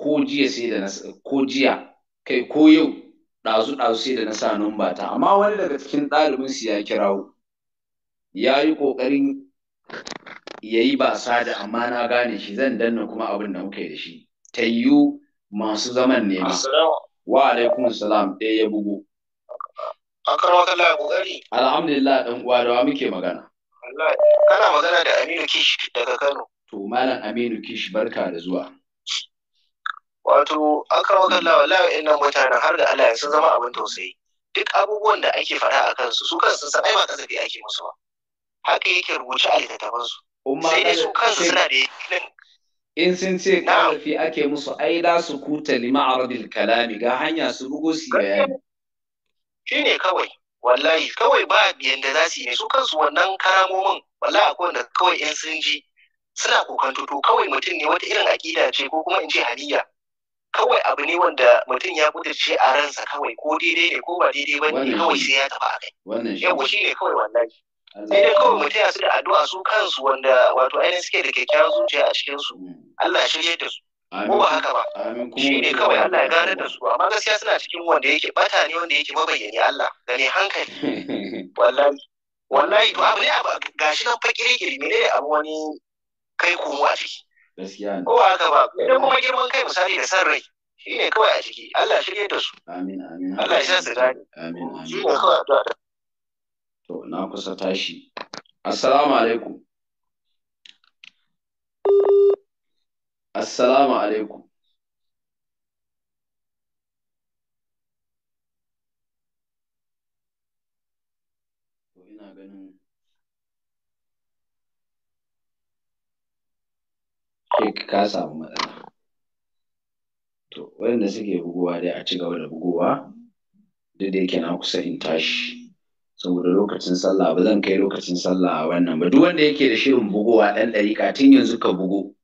ko jiya sai da ko jiya kai ko yau ɗazu ɗazu sai da na sa namba ta amma wani daga cikin ɗalibin su ya kirawo ya yi ƙoƙarin ya yi basa da amma na gane shi zan danna kuma abin da muke da shi ta yi masu zaman ne wa alaikun salam ɗaya eh, ya bugu alhamdulillah dan uwa muke magana kana magana da aminu kish daga kano to malam aminu kish barka da zuwa wato aka wakalla wallahi innan mutanen har da Allah sun zama abin tausayi duk abubuwan da ake faɗa a kansu su kansu san ai ba kasafi ake musu ba haka yake rubuce a littattafan su sai dai su kansu suna da yakinin in sun ce ƙarfi ake musu ai da su kuta lima ardil kalami ga hanya su bugo su bayani ne kawai wallahi kawai ba yadda za su yi su kansu wannan karamomin wallahi akwai wanda kawai in sun ji suna kokan tuto kawai mutum ne wata irin aƙida ce ko kuma in ce haliya kawai abu ne wanda mutum ya kudurce a ransa kawai ko daidai ne ko ba daidai ba ne kawai sai ya tafi a kai yau shi ne kawai wallahi sai dai kawai mu taya su da addu'a su kansu wanda wato ainihin suke da kyakkyawar zuciya a cikin su mm. Allah shirye da su ko ba haka ba shi ne kawai Allah ya gane da su amma gaskiya suna cikin wanda yake bata ne wanda yake mabayyani Allah da ne hankali *laughs* wallahi wallahi to abu ne gashi nan fakiri ilimi ne abu wani kai komo a ciki ko ba haka ba idan kuma girman kai misali da san rai shi ne kawai a ciki Allah shirye da su amin amin Allah ya sa su gane amin amin shi ne kawai addu'a to na kusa tashi assalamu alaikum assalamu alaikum ina ganin ka samu matsala to waɗanda suke bugowa dai a ci gaba da bugowa duk da yake na kusa in tashi saboda lokacin sallah ba zan kai lokacin sallah a wannan ba duk wanda yake da shirin bugowa ɗan ɗariƙa tun yanzu ka bugo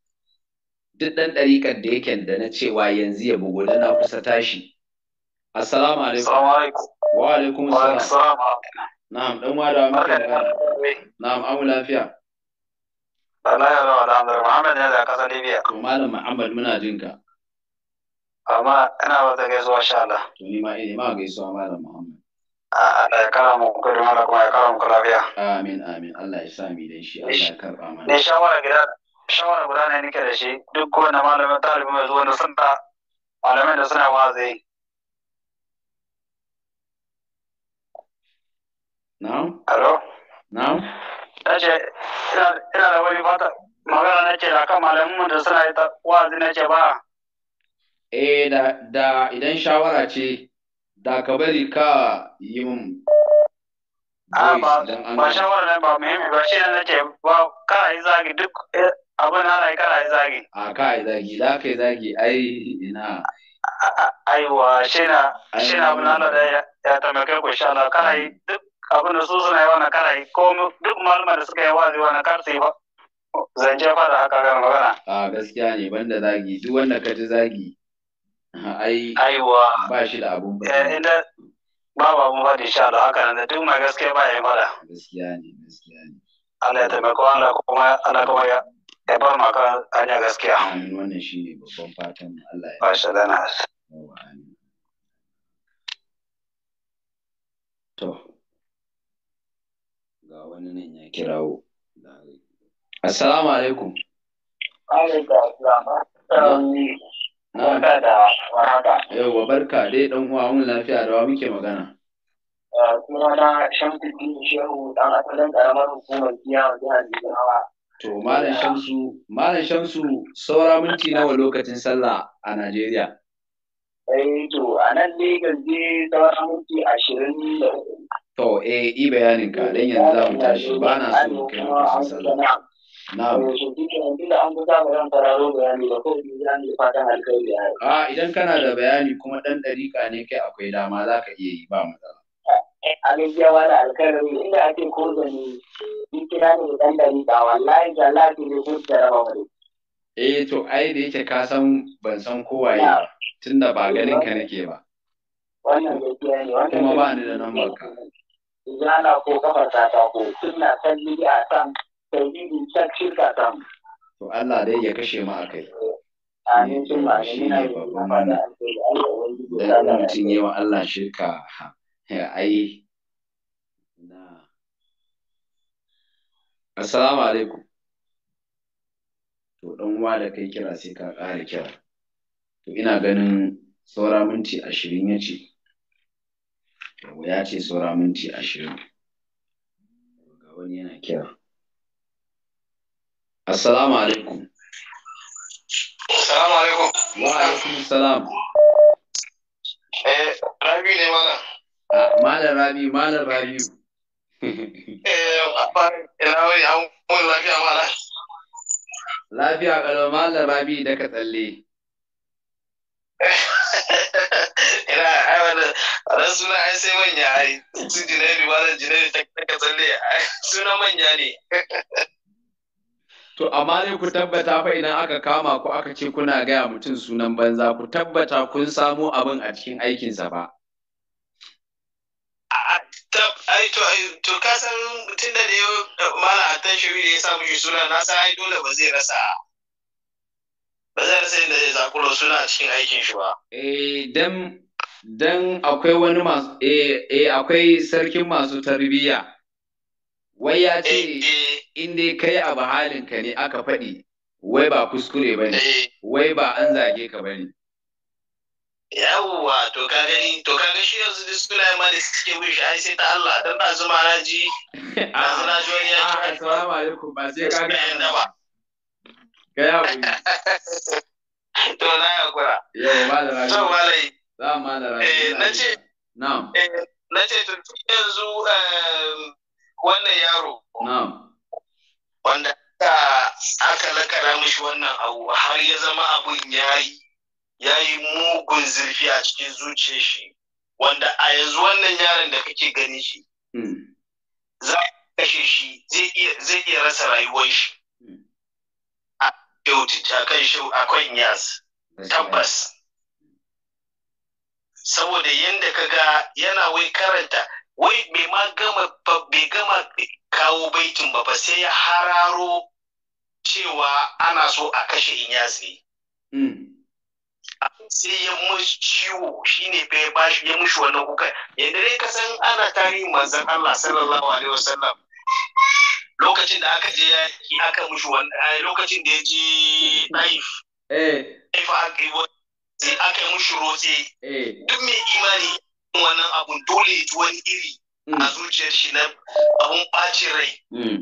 duk ɗan ɗariƙar da yake da na cewa yanzu ya bugo da na kusa tashi assalamu alaikum wa alaikum assalam na'am dan wada maka na'am amu lafiya Allah ya rawa alhamdulillah Muhammad ne daga kasa Libya to malam Muhammad muna jin ka amma ina ta gaisuwa insha Allah to ni ma ina ma gaisuwa malam Muhammad ya kara muku kudin Allah kuma ya kara muku lafiya. Amin amin Allah ya sa mu dan shi Allah ya karɓa mana. Ne shawara gida shawara guda ne nake da shi duk wani malamin talibi mai zuwa da sunna malamin da suna wazi. Na'am? Hello? Na'am? Nace ina da wani fata magana nace da kan malamin da suna wazi nace ba. Eh da idan shawara ce da ka bari ka yi mun ah, ba ba shawara ba muhimmi ba shi ne nake ba ka yi zagi duk eh, abin na yi kana yi zagi a ka yi zagi da ka yi zagi ai ina aiwa shi na shi na abin na da ya taimake ku insha Allah kana yi duk abin da su suna yi wannan kana yi ko duk malaman da suka yi wazi wannan kar su zan je fara haka ga magana a gaskiya ne banda zagi duk wanda ka ji zagi ai aiwa ba shi da abun ba ba ba mun faɗi insha Allah haka nan duk mai gaskiya ba ya fada gaskiya ne gaskiya ne Allah ya taimako Allah kuma Allah kuma ya ya bar maka hanya gaskiya Amin, wannan shine babban fatan Allah ya ba shi dana to ga wani nan ya kirawo assalamu alaikum alaikum assalam Barka da warhaka. Yawwa barka dai dan uwa mun lafiya da wa muke magana. Kuma eh, na Shamsuddin Shehu dan asalin ƙaramar hukumar biya jihar Jigawa. To Malam Shamsu, Malam Shamsu saura minti nawa lokacin sallah a Najeriya? Eh to a nan ne gaje saura minti ashirin da To eh i bayanin ka don yanzu za mu tashi ba na so kai lokacin sallah. A idan kana da bayani kuma ɗan ɗariƙa ne kai akwai dama za ka iya yi ba matsala. Eh, a gaskiya wani alkalami inda ake ko zane in kira ne ɗan ɗariƙa wallahi da lafi ne ko da raba wani. Eh to ai da yake ka san ban san kowaye ba tunda ba ganin ka nake ba. Wannan gaskiya ne wannan. Kuma ba ni da nan ka. Zana ko kafar ta ko suna san a san tauhidi can shirka ta to Allah dai ya kashe mu a kai. amin sun ba shi ne babban bana. dan mutum yi wa Allah shirka ai na assalamu alaikum to dan uwa da kai kira sai ka ƙara kira to ina ganin saura minti ashirin ya ce ya ce saura minti ashirin ga wani yana kira Assalamu alaikum. Assalamu alaikum. Wa alaikum salam. Eh, Rabi ne malam. Ah, malam Rabi, malam Rabi. *laughs* eh, apa ina wani an mun lafiya malam. Lafiya kalau malam Rabi tsalle. *laughs* ina ai suna ai sai manya ai su jinai malam jinai ta ka tsalle ai suna manya ne. *laughs* To amma dai ku tabbata fa idan aka kama ku aka ce kuna gaya mutum sunan banza ku tabbata kun samo abin a cikin aikinsa ba. to ka san mutum da dai mala atan shiri da ya samu shi suna na sa ai dole ba zai rasa ba zai rasa inda zai zakuro suna a cikin aikin shi ba. Eh dan dan akwai wani masu eh, eh akwai sarkin masu tarbiyya. wai ya ce eh, eh. in dai kai abu halinka ne aka faɗi wai ba kuskure ba ne eh. wai ba an zage ka ba ne yawwa to ka gani to ka gashi shi yanzu da suna ma da suke bin shi ai sai ta Allah dan na zuma na ji na ah, zuna ji wani ya ji ah, assalamu alaikum ba sai ka ga inda ba ga ya bu to na ya kura yau malama to malai za malama eh nace Na eh ce tuntun yanzu wannan yaro wanda aka lakara mishi wannan abu har ya zama abun yayi yayi mugun zurfi a cikin zuciyar shi wanda a yanzu wannan yaron da kake gani shi hmm. za a kashe shi zai iya rasa rayuwar shi hmm. a kan shi a yas tabbas saboda yadda ka ga yana wai karanta wai bai ma gama bai gama kawo baitin ba sai ya hararo cewa ana so a kashe in yatsi hmm. sai ya mushi ciwo shine bai ya shi ya mushi wannan kuka yadda dai kasan ana tarihin manzan Allah sallallahu alaihi wasallam lokacin da aka je ya yi aka mushi wannan eh, lokacin da ya je naif eh sai aka yi mushi rotse eh. duk mai imani wannan abun dole ya ji wani iri a mm. zuciyar shi na abun ɓacin rai. Mm.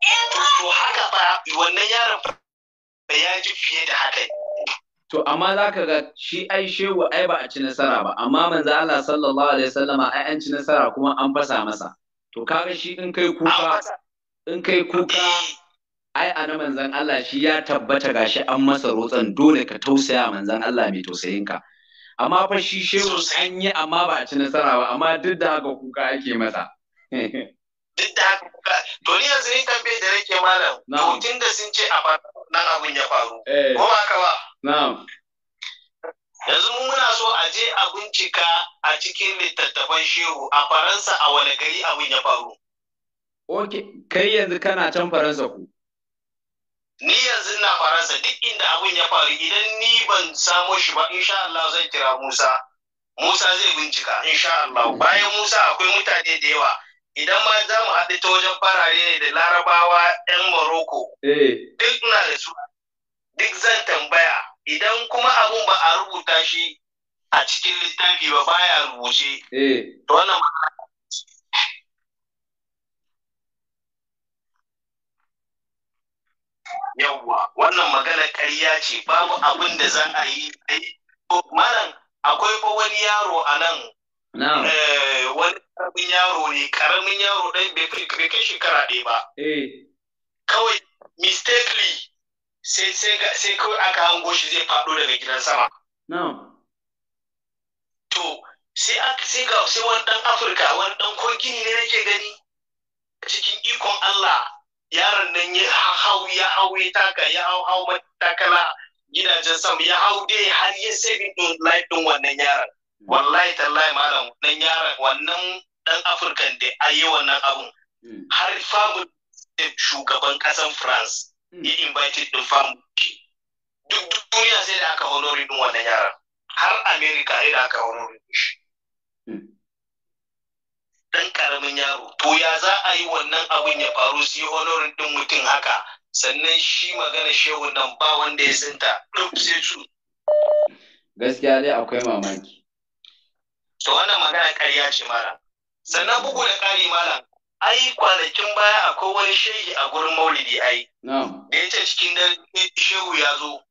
Eh, to haka ba wannan yaron ba ya ji fiye da haka. To amma za ka ga shi ai shehu ai ba a ci nasara ba, amma manzo Allah sallallahu alaihi wasallama ai an ci nasara kuma an fasa masa. To kaga shi in kai kuka in kai kuka eh. ai ana manzan Allah shi ya tabbata gashi an masa rotsan dole ka tausaya manzan Allah mai tausayinka. ka. amma fa shi shehu sanye yi amma ba a ci nasara ba amma duk da haka kuka ake masa duk da haka kuka to ni yanzu ni tambaye da rake malam to da sun ce a nan abun ya faru eh. ko ba ka ba na'am yanzu mun muna so a je a bincika a cikin littattafan shehu a faransa a wani gari abun ya faru Ok, kai yanzu kana can faransa ku. ni yanzu na faransa duk inda abun ya faru idan ni ban samo shi ba insha Allah zan kira Musa Musa zai bincika insha Allah bayan Musa akwai mutane da yawa idan ma za mu haɗu ta wajen farare ne da larabawa 'yan Morocco eh. duk na da su duk zan tambaya idan kuma abun ba a rubuta shi a cikin littafi ba baya rubuce eh. to wannan yawwa wannan magana ƙarya ce babu abin da za a yi malam akwai ko wani yaro a nan eh, wani karamin yaro ne karamin yaro ɗan bai kai shekara ɗaya ba eh. kawai mistakely sai sai kawai aka hango shi zai faɗo daga gidan sama to sai aka sai ga sai wani ɗan afirka wani ɗan kogini ne nake gani cikin ikon Allah yaron nan ya hau ya hau ya taka ya hau hau matakala gidajen sama ya hau dai har ya sai din life din wannan yaron hmm. wallahi tallahi malam wannan yaron wannan dan afirkan da ayi wannan abun hmm. har famu shugaban kasan france hmm. ya invite din famu duk duniya sai da aka honori din wannan yaron har america sai da aka honori shi dan karamin yaro to ya za a yi wannan abin ya faru su yi honorin din mutum haka sannan shi magana shehu nan ba wanda ya sinta duk sai su gaskiya dai akwai mamaki to wannan magana ƙarya ce mara sannan bugu da ƙari malam ai kwanakin baya akwai wani shehi a gurin maulidi ai da ya ce cikin dare shehu ya zo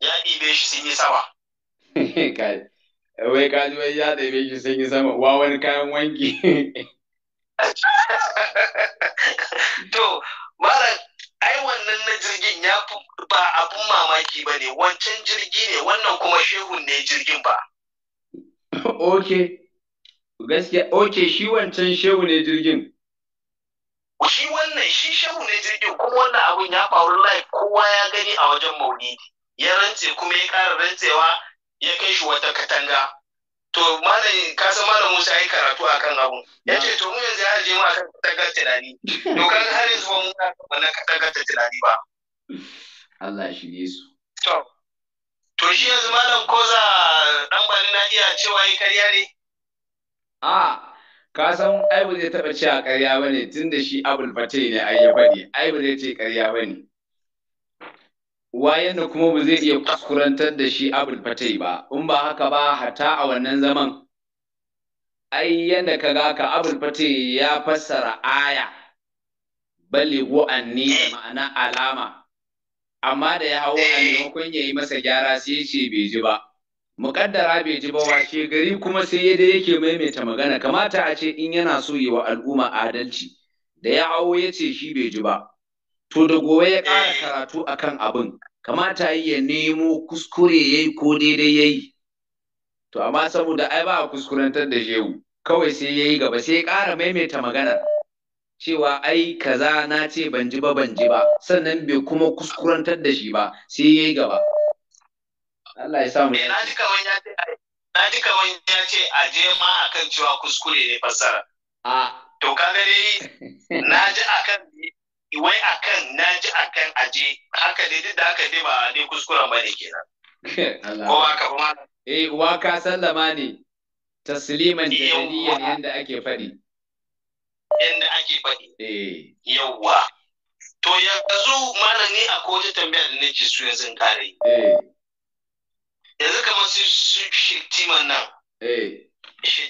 ya ɗibe shi sun yi sawa *laughs* wai ka ji wai ya ɗebe shi sun yi sama wa wani kayan wanki *laughs* to mara ai wannan na jirgin ya fi ba abun mamaki ba ne wancan jirgi ne wannan kuma shehun ne jirgin ba *laughs* ok gaskiya ok shi wancan shehu ne jirgin shi wannan shi shehu ne jirgin kuma wannan abun ya faru live kowa ya gani a wajen maulidi ya rantse kuma ya ƙara rantsewa ya kai shi wata katanga to malam kasa san malam Musa yi karatu akan abun ya ce to mu yanzu ya je ma akan katangar tunani to kan har yanzu ba mu akan wannan katangar ta tunani ba Allah ne su to to shi yanzu malam koza dan bani na iya cewa yi karya ne a ka san ai ba zai taba cewa karya bane tunda shi abul fatai ne ai ya faɗi ai ba zai ce karya bane wayan da kuma ba zai iya kuskurantar da shi abul fatai ba in ba haka ba hata a wannan zaman ai yanda ka ga ka abul fatai ya fassara aya go anni da ma'ana alama amma da ya hawo a maimakon yayi masa gyara sai ce bai ji ba muƙaddara bai ji ba washe gari kuma sai yadda yake maimaita magana kamata a ce in yana so yi wa al'umma adalci da ya hawo ya ce shi bai ji ba to da gobe ya ƙara karatu akan abin kamata yi ya nemo kuskure ya yi ko daidai ya yi, to amma saboda ai ba a kuskurantar da shehu kawai sai ya yi gaba sai ya ƙara maimaita maganar cewa ai kaza na ce ban ji ba ban ji ba sannan bai kuma kuskurantar da shi ba sai yi gaba Allah ya samu na ji kawai ya ce na ji kawai ya ce a je ma akan cewa kuskure ne fassara a to kaga dai na ji akan wai akan a akan aje haka dai duk da haka dai ba dai kuskuren *laughs* ba ne kenan ko haka kuma eh wa ka sallama ne tasliman jadaliyan yanda ake faɗi yanda ake faɗi eh yawwa to yanzu mana ni a kowace tambayar da nake su yanzu kare eh yanzu kamar su timan nan eh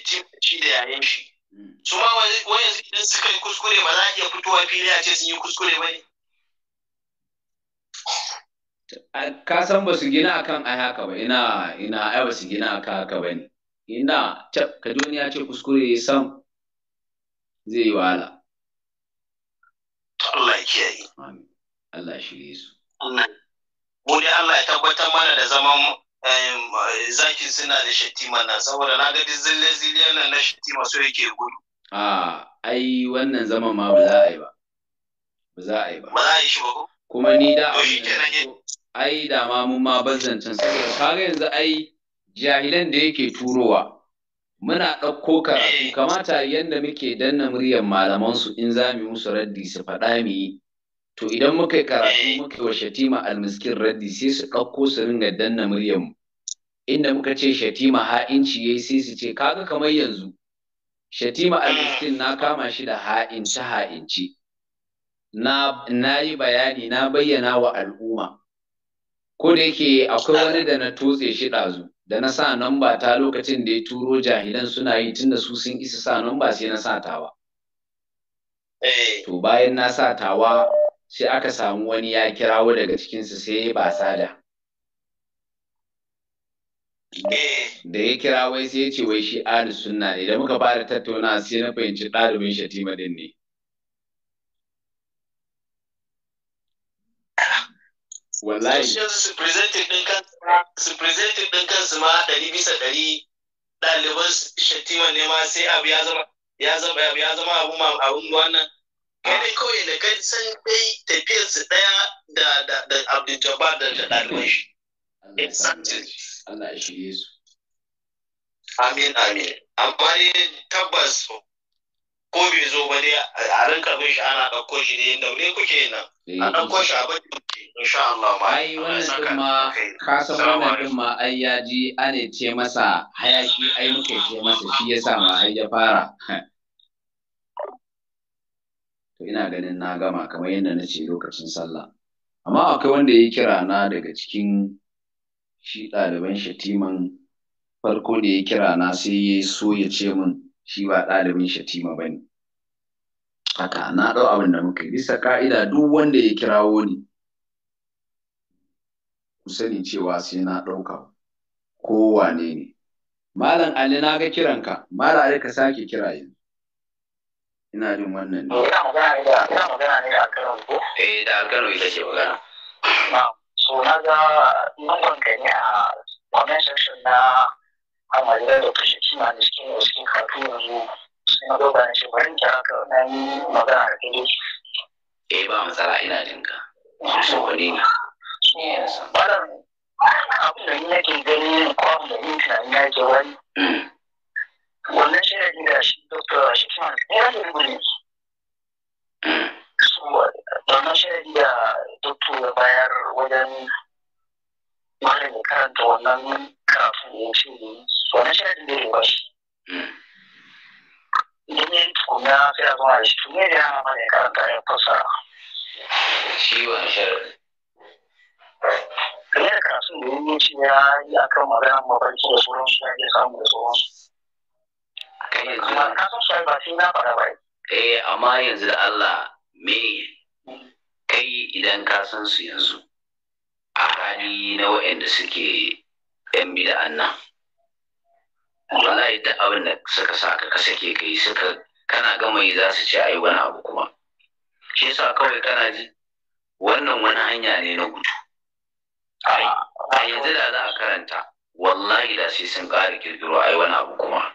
timan shi da yayin shi su ma wayansu idan suka yi kuskure ba za a iya fitowa fili a ce sun yi kuskure ba ne ka san ba su gina akan ai haka ba ina ina ai ba su gina akan haka ba ne ina ka duniya ce kuskure ya san zai yi wahala Allah ya kiyaye Allah shirye su Allah mu dai Allah ya tabbatar mana da zaman Eh, zakin suna da shattima nan saboda na ga zille zille nan na shattima so yake gudu a ai wannan zaman ma ba za a yi ba ba za a yi ba ba za a yi shi ba ko kuma ni da ai da ma mun ma bazzancin saboda kaga yanzu ai jahilan da yake turowa muna ɗauko karatu eh. kamata yadda muke danna muryar malamansu in za mu yi musu raddi su faɗa mu yi to idan muka yi eh, karatu muka wa shatima almiskin raddi sai su ɗauko su ringa danna muryar mu inda muka ce shatima ha'inci yayi sai su ce kaga kamar yanzu shatima almiskin na kama shi da ha'inci ha'inci na na yi bayani na bayyana wa al'umma ko da yake akwai wani da na tutse shi ɗazu da na sa namba ta lokacin da ya turo jahilan suna yi tunda su sun isa sa namba sai na sa tawa eh. to bayan na sa tawa sai aka samu wani ya kirawo daga cikinsu sai ya ba sada eh. da ya kira wai sai ya ce wai shi ahli sunna ne da muka fara tattauna sai na fahimci ɗalibin shatima din ne wallahi su presenting din kansu presenting din kansu ma ɗari bisa ɗari ɗaliban shatima ne ma sai abu ya zama ya zama abu ya zama abu wannan Wani kawai da kan san dai tafiyarsu ɗaya da da da Abdul Jabbar da da ɗaliban Allah ya shirye su. Amin amin. Amma ne tabbas ko bai zo ba dai a rinka bin shi ana ɗauko shi ne da ne kuke nan. Eh, a ɗauko shi a baki insha Allah ma. Ai wannan din ma ka san wannan din ma ai ya ji ane ce masa hayaki ai muke ce masa shi ya sa ma ai ya fara. *laughs* to ina ganin na gama kamar yadda na ce lokacin sallah amma akwai wanda ya kira na daga cikin shi ɗaliban shatiman farko da ya kira na sai ya so ya ce min shi ba ɗalibin shatima ba ne haka na ɗau abin da muka bisa ka'ida duk wanda ya kirawo ni ku sani cewa sai na ɗauka kowane ne malam ali na ga kiranka malam ka sake kira yanzu ina jin wannan ne ina magana ne da ina magana ne da Kano ko eh da Kano ita ce magana ah, so na ga numban ka ne a comment section na Amadu da kashe kima da cikin wasu cikin kafin yanzu sai na dauka na ce bari in kira na yi magana da kai eh ba matsala ina jin ka so wani ne Yes, abin da ni nake gani kwan da ni tunani na ke wani wannan shaidin da shi dr ashifan ya hmm. wannan shirya bayar wajen karanta wannan karatu ne wannan ya shi hmm. idan ya yi tukuna sai a zama da shi tukuna da yana karanta ya fasa shi wani da ya yi shi ya yi akan magana mafarki da sauransu ya ke samun da sauransu Eh, kai eh, amma yanzu da Allah me kai idan ka san su yanzu a hali na wa'anda suke yan bida'an nan wallahi da abin da suka saka ka sake kai suka kana gama yi za su ce ai wani abu kuma shi yasa kawai kana ji wannan wani hanya ne na gudu a yanzu da za a karanta wallahi da sai sun ƙara kirkiro ai wani abu kuma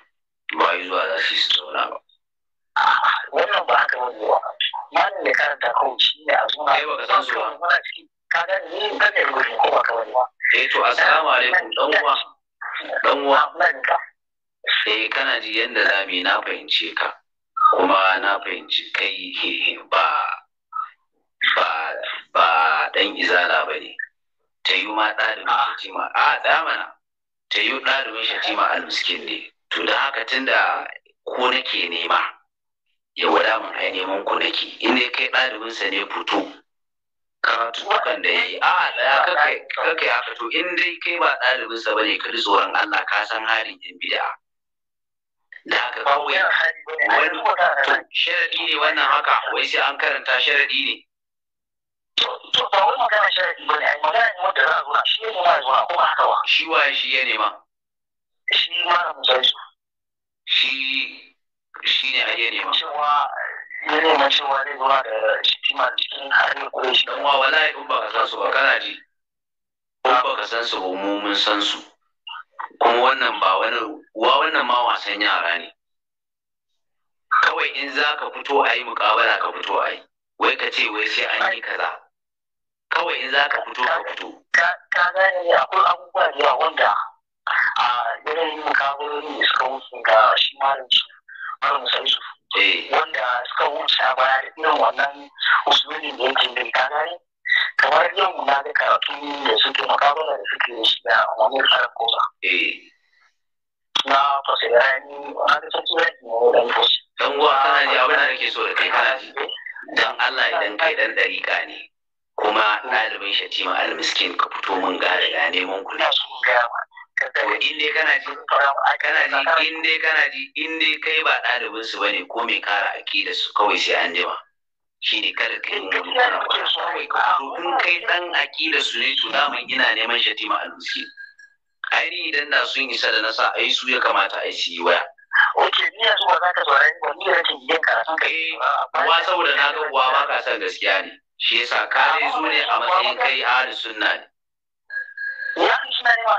ba yi zuwa za su yi su zauna ba wannan ba haka wani ba malin da karanta kawai shi ne a zuwa kai baka san zuwa. ba muna ne kaga ni gudun ko ba kawai ba eh to assalamu alaikum ɗan uwa ɗan uwa sai ah, eh, kana ji yanda zamu na fahimce ka kuma na fahimci kai *laughs* ba ba ba dan izala ne. ta yi ma ɗalibin ma a ah, ɗamana ta yi ɗalibin shatima al-miskin ne to da haka tun da ko nake nema ya wada mun ai neman ku nake in dai kai ɗalibinsa ne fito karatukan da ya yi a ya kai haka to in dai kai ba ɗalibinsa bane ka ji tsoron Allah ka san halin yan bid'a da haka kawai wani sharadi ne wannan haka wai sai an karanta sharadi ne to wani magana sharadi ne wanda za a shi ne ma shi shi ya nema shi malam saisu shi shi ne a yene ma cewa yene ma cewa zai zuwa da shitima cikin harin kure shi dan wa wallahi in baka san su ba kana ji in baka san su ba mu mun san su kuma wannan ba wani wa wannan ma wasan yara ne kawai in za ka fito a yi mukabala ka fito a yi wai ka ce wai sai an yi kaza kawai in za ka fito ka fito ka gane akwai abubuwa da yawa wanda a yanayin mukabaloli da suka wuce ga shi malam su malam musa wanda suka wuce a baya da irin wannan usulin da yake bin kagari kamar yau na ga karatu da suke mukabala da suke shi da wani tsarin kosa na fasirani a da sassu yaki ne wadan kosa dan uwa ana ji abin da nake so da kai kana ji dan Allah idan kai dan dariƙa ne kuma ɗalibin shatima almiskin ka fito mun gane ga neman kuɗi in dai kana ji kana ji in dai kana ji in dai kai ba ɗalibin su bane ko me kara akida su kawai sai an jima shine kada kai mu mutu kana kawai to in kai dan akida su ne to daman ina neman shatima alusi Ai idan da sun isa da nasa ai su ya kamata ai su yi waya Oke, ni yanzu ba za ka saurari ba ni rashin yin karatun kai? yi eh, ba. saboda na ga uwa ba ka san gaskiya ne. Shi yasa ka dai zo ne a matsayin kai ahlus sunna ne. Ya suna ne ma.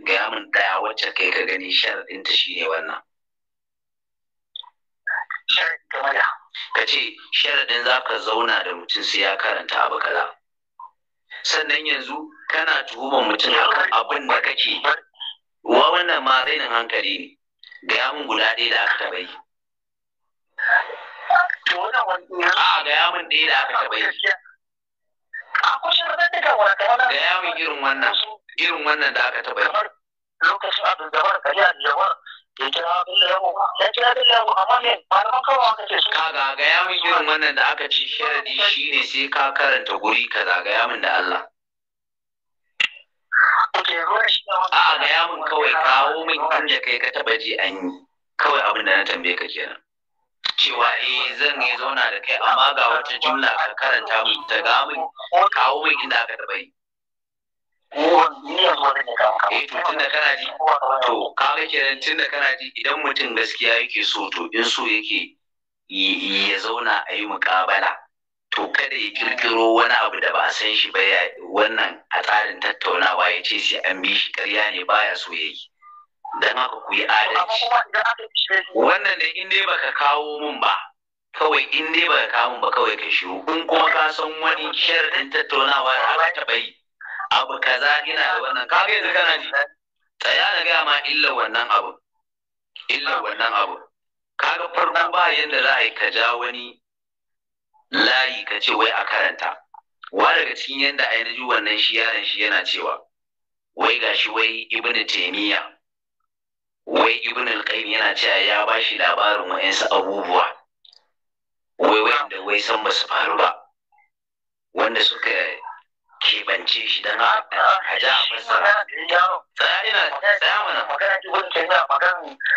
gaya min ɗaya wacce kai ka gani sharaɗinta shi ne wannan ka ce sharaɗin za ka zauna da mutum sai ya karanta abu kaza sannan yanzu kana tuhumar mutum akan abin da kake wa wannan ma rainin hankali ne gaya min guda ɗaya da aka taɓa yi a gaya min ɗaya da aka taɓa yi gaya min irin wannan irin wannan da aka taɓa yi. Lokacin abin da bar kariya da yawar ya kira abin da ya kira Bello Yabo amma ne malaman kawai aka ce su. ga gaya min irin wannan da aka ce sharadi ne sai ka karanta guri kaza gaya min da Allah. A gaya mun kawai kawo min inda kai ka taɓa ji an yi kawai abin da na tambaye ka kenan. cewa eh zan yi zauna da kai amma ga wata jumla ka karanta min ta ga min kawo min inda aka taɓa yi. eh to kana ji to kaga kenan tunda kana ji idan mutum gaskiya yake so to in so yake ya zauna a yi muƙabala to kada ya kirkiro wani abu da ba a san shi ba wannan a tsarin tattaunawa ya ce sai an bi shi ƙarya ne baya so ya yi don haka ku yi adalci wannan da in dai baka kawo mun ba kawai in dai baka kawo mun ba kawai ka shiru in kuma ka san wani sharadin tattaunawa a aka taɓa abu kaza ina da wannan ka yanzu kana ji tsaya na gaya ma illa wannan abu illa wannan abu kaga farkon ba yanda za a yi ka ja wani layi ka ce wai a karanta wa daga cikin yanda ainihin wannan shi yaron shi yana cewa wai gashi wai Ibn taymiya wai ibn al-qayyim yana cewa ya ba shi labarin su abubuwa wai wanda wai san ba su faru ba wanda suka keɓance shi don haja a fassara. Tsaya ina tsaya mana.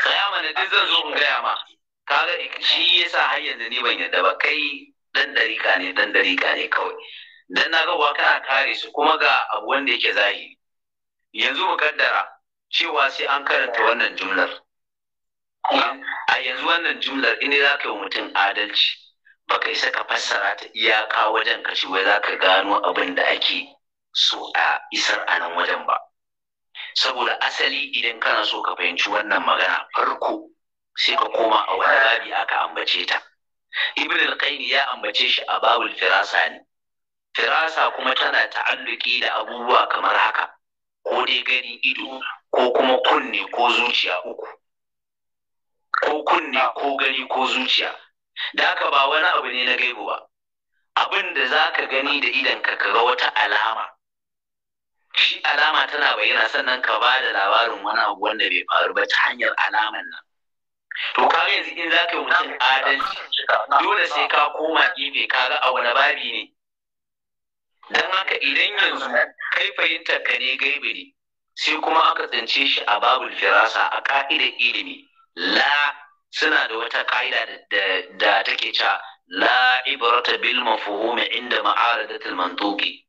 Tsaya mana duk zan zo in gaya ma. Kaga shi yasa har yanzu ni ban yadda ba kai dan ɗarika ne dan ɗarika ne kawai. Dan na ga wa kana kare su kuma ga abu wanda yake zahiri. Yanzu mu kaddara cewa sai an karanta wannan jumlar. A yanzu wannan jumlar in za ka yi wa mutum adalci. baka isa ka fassara ta iyaka wajen ka ci wai za ka gano abin da ake so a isar a nan wajen ba saboda asali idan kana so ka fahimci wannan magana farko sai ka koma a wani babi aka ambace ta ibn al ya ambace shi a babul firasa ne firasa kuma tana ta'alluki da abubuwa kamar haka ko dai gani ido ko kuma kunne ko zuciya uku ko kunne ko gani ko zuciya da haka ba wani abu ne na gaibu ba abin da za ka gani da idan ka ga wata alama shi alama tana bayyana sannan ka ba da labarin wani abu wanda bai faru ba ta hanyar alaman nan to kaga yanzu in za ka yi mutum adalci dole sai ka koma gefe ga abu na babi ne don haka idan yanzu kai fahimtar ka ne gaibe ne sai kuma aka tsince shi a babul firasa a ka'idar ilimi la suna da wata ƙa'ida da take ca la ibrata bil inda ma'aradatil mantuqi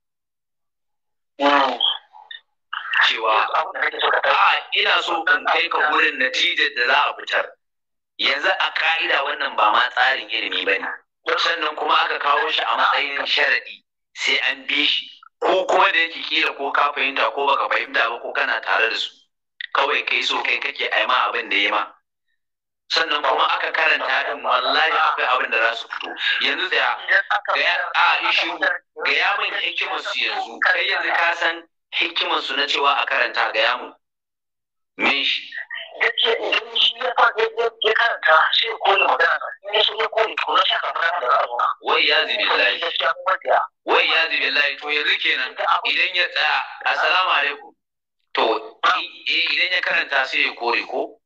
cewa ina so in kai ka wurin natijar da za a fitar yanzu a ka'ida wannan ba ma tsarin ilimi ba ne sannan kuma aka kawo shi a matsayin sharaɗi sai an bi shi ko kuma da yake kila ko ka fahimta ko baka fahimta ba ko kana tare da su kawai kai so kai kake aima abin da ya ma sannan kuma aka karanta din wallahi akwai abin da za su fito yanzu tsaya ga ya a ishi ga ya min hikimar su yanzu kai yanzu ka san hikimar su na cewa a karanta ga ya mun shi yace idan shi ya ya karanta sai ya kore magana in shi ya kore ko na shaka magana da ra'ayi wai ya zibi lai wai ya zibi lai to yanzu kenan idan ya tsaya assalamu alaikum to idan ya karanta sai ya kore ko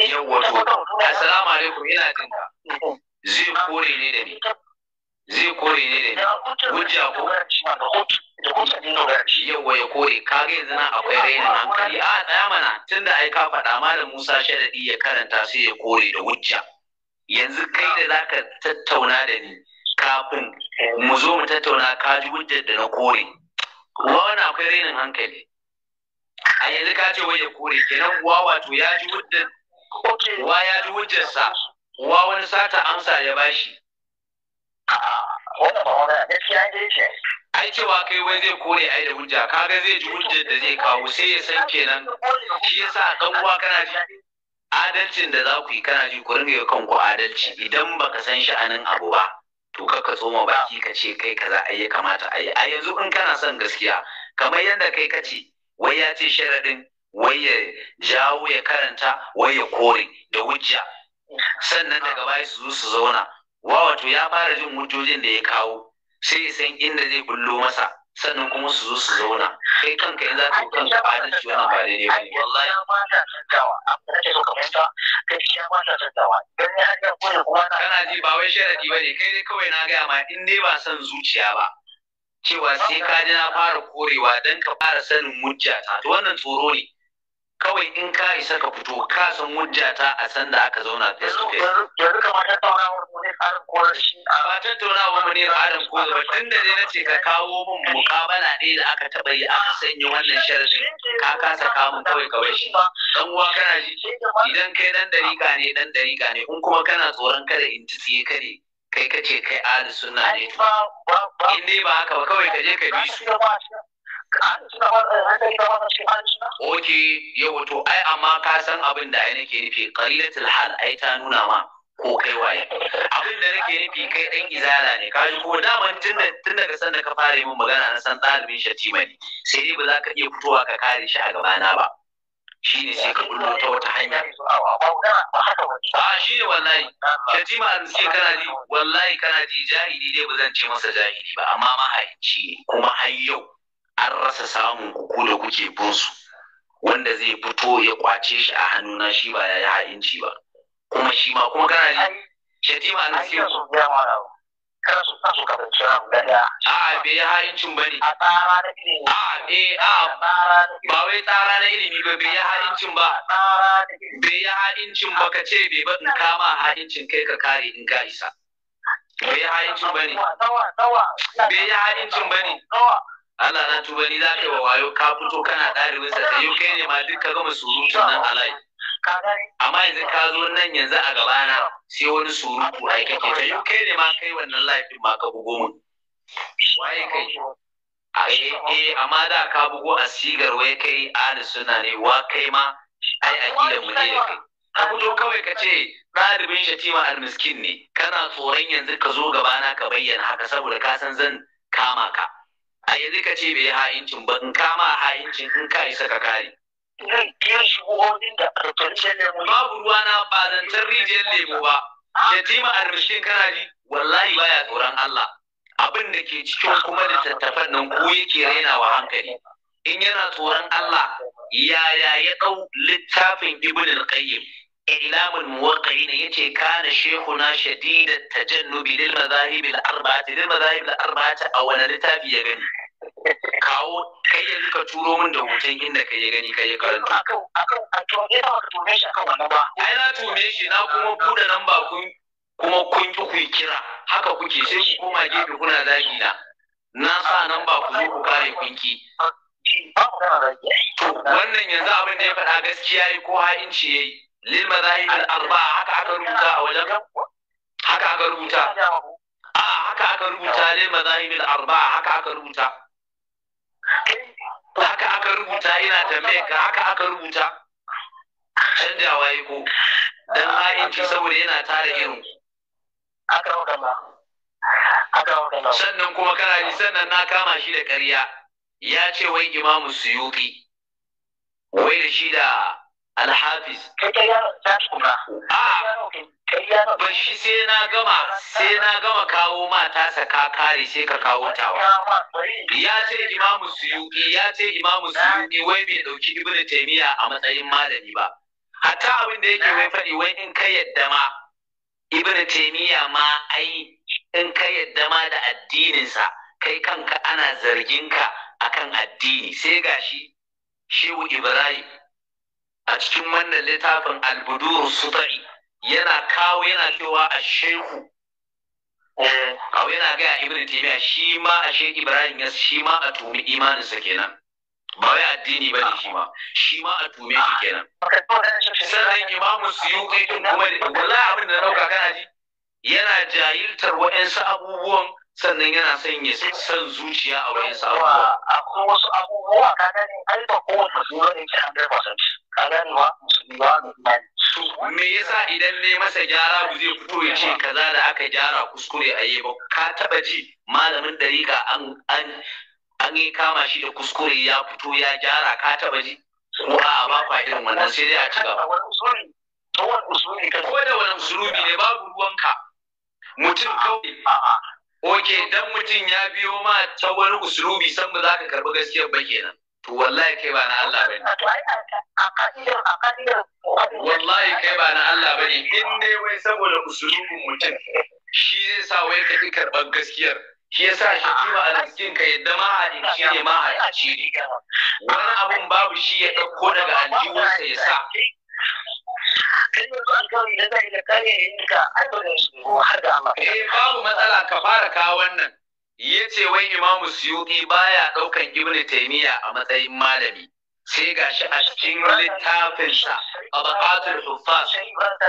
yawwa to assalamu alaikum yana jin ka zai kore ne da ni zai kore ne da ni hujja ko yawwa ya kore kaga yanzu nan akwai rainin hankali a tsaya mana tunda ai ka faɗa malam Musa Sharadi ya karanta sai ya kore da hujja yanzu kai da zaka tattauna da ni kafin mu zo mu tattauna ka ji hujjar da na kore wani akwai rainin hankali a yanzu ka ce wai ya kore kenan uwa wato ya ji wuddin uwa ya ji sa uwa wani sata amsa ya bashi ai cewa kai wai zai kore ai da hujja kaga zai ji hujjar da zai kawo sai ya san kenan shi yasa dan uwa kana ji adalcin da za ku yi kana ji ku ringa kan kanku adalci idan baka san shi anan abu ba to ka tsoma baki ka ce kai kaza ai ya kamata ai a yanzu in kana son gaskiya kamar yadda kai ka ce wai ya ce sharaɗin wai ya jawo ya karanta wai ya kore da hujja sannan daga baya su zo su zauna wa wato ya fara jin hujjojin da ya kawo sai ya san inda zai bullo masa sannan kuma su zo su zauna kai kanka in za ka kanka adalci wannan ba daidai ba ne wallahi ba ta santawa abin da take fahimta gaskiya ba ta santawa dan ya hanya kuma kana ji ba wai sharadi bane kai dai kawai na gaya ma in ne ba san zuciya ba cewa sai ka ji na fara korewa don ka fara sanin mujjata to wannan tsoro ne kawai in ka isa ka fito ka san mujjata a sanda aka zauna face to face yanzu kamar ne tsarin koyar shi ba tattaunawar mu ba tunda dai na ce ka kawo min mukabala ne da aka taɓa yi aka sanya wannan sharadin ka kasa kamun kawai kawai shi dan uwa kana ji idan kai dan dariƙa ne dan dariƙa ne in kuma kana tsoron kada in ci tsiye ka ne kai ka ce kai ahli sunna ne in dai ba haka ba kawai ka je ka bi su Ok, yau to ai amma ka san abin da ai nake nufi qalilatul hal ai ta nuna ma ko kai waye abin da nake nufi kai dan izala ne ka ko daman tunda tun daga san da ka fara yi min magana na san dalibin shatima ne sai dai ba za ka iya fitowa ka kare shi a gabana ba shi ne sai ka bullo ta wata hanya a shi ne wallahi shatima sai kana ji wallahi kana ji jahili dai ba zan ce masa jahili ba amma mahaici ne kuma har yau an rasa samun kuku da kuke bunsu wanda zai fito ya kwace shi a hannuna shi ba ya yi ha'inci ba kuma shi ma kuma kana ji shatima an sai kar su kan su kasance a guda daya. A'a bai yi ha'incin bane. A tsara na ilimi. A'a eh a'a ba wai tsara na ilimi ba bai yi ha'incin ba. Bai yi ha'incin ba ka ce bai ba in kama ha'incin kai ka kare in ka isa. Bai yi ha'incin bane. Bai yi ha'incin bane. Allah na tuba ni za ka yi wa wayo ka fito kana ɗalibinsa ta yau kai ne ma duk ka gama surutun nan alayi. amma yanzu ka zo nan yanzu a gabana sai wani surutu ai kake ta yi kai ne ma kai wannan laifin ma ka bugo mu waye kai a eh amma da ka bugo a sigar waye kai ahli sunna ne wa kai ma ai aqidar mu ne da kai ka fito kawai ka ce ɗalibin shatima almiskin ne kana tsoron yanzu ka zo gabana ka bayyana haka saboda ka san zan kama ka a yanzu ka ce bai ha'incin ba in kama ha'incin in ka yi ka kare zan kai shi da arfarshen lemu. Babu ruwa na ba zancen rijiyar lemu ba. Yatima arfashin kana ji wallahi baya tsoron Allah. Abin da ke cikin kuma littattafan nan ko yake rainawa hankali. In yana tsoron Allah yaya ya ɗau littafin Ibn al-Qayyim. إعلام الموقعين يتي كان شيخنا شديد التجنب للمذاهب الأربعة a الأربعة littafi ya gani? kawo kai yanzu turo min da hoton inda ka yi gani ka yi karanta. Ai na tume shi na kuma buɗe namba kun kuma kun ki ku kira haka kuke sai ku koma gefe kuna zagi na. Na sa namba ku zo ku kare kun ki. Wannan yanzu abin da ya faɗa gaskiya yi ko ha'inci ya yi. Lil mazahib al-arba'a haka aka rubuta a wajen haka aka rubuta. A haka aka rubuta lil mazahib al-arba'a haka aka rubuta. haka aka rubuta ina ta ka haka aka rubuta canjawa yi ko dan ha'inci saboda yana tare irin aka rubuta sannan kuma kana ji sannan na kama shi da ƙarya ya ce wai imamu suyuti wai da shi da alhafiz ah. a ba shi sai na gama sai na gama kawo ma ta ka kare sai ka kawo tawa ya ce imamu suyuki ya ce imamu ah. suyuki wai bai dauki ibnu taymiya a matsayin malami ba hatta abin da yake wai ah. faɗi wai in ka yadda ma ibnu taymiya ma ai in ka yadda ma da addininsa kai kanka ana zargin ka akan addini sai ga shi shehu ibrahim a cikin wannan littafin albudur sutai yana kawo yana cewa a shehu eh, kawo yana gaya ibn taimiya shi ma a shehu ibrahim ya shi ma a tumi imaninsa kenan ba wai addini ba ne shi ma shi ma a tumi shi kenan sannan imamu suyuti din kuma wala abin da dauka kana ji yana jahiltar wa'ansu abubuwan sannan yana son ya san zuciya a wa'ansu abubuwa akwai wasu abubuwa ka gani ai ba kowanne su ne ke 100% ran ma me yasa idan ne masa gyara ku zai fito ya ce kaza da aka gyara kuskure a yi ba ka taba ji malamin dariƙa an an an yi kama shi da kuskure ya fito ya gyara ka taba ji ko a ba kwa irin wannan sai dai a ci gaba ko da wani usulubi ne babu ruwanka mutum kawai Oke, dan mutum ya biyo ma ta wani usulubi san ba za ka karɓi gaskiyar ba kenan. to wallahi kai ba na Allah bane wallahi kai ba na Allah bane in dai wai saboda usulubin mutum shi zai sa wai ka ki karɓar gaskiyar shi yasa shi kima a cikin ka yadda ma a dinki ne ma a ne wani abun babu shi ya dauko daga aljihunsa ya sa kai eh babu matsala ka fara kawo wannan yace wai imamu suyuti baya ɗaukan ibn taymiya a matsayin malami sai gashi a cikin littafin sa tabaqatul huffaz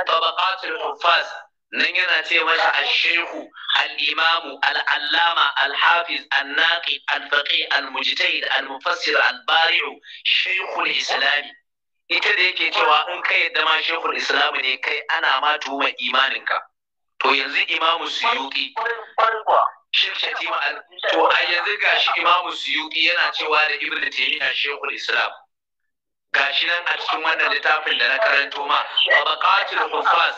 tabaqatul huffaz nan yana ce masa ashehu al-imamu al-allama al-hafiz an-naqi al-faqih al-mujtahid al-mufassir al-bari'u shaykhul islami ita da yake cewa in kai yadda ma shaykhul islami ne kai ana ma tuhuma imaninka to yanzu imamu suyuti shatima to a yanzu gashi imamu suyuki yana cewa da ibnu taymiya shekul islam gashi nan a cikin wannan littafin da na karanto ma tabaqatul hufaz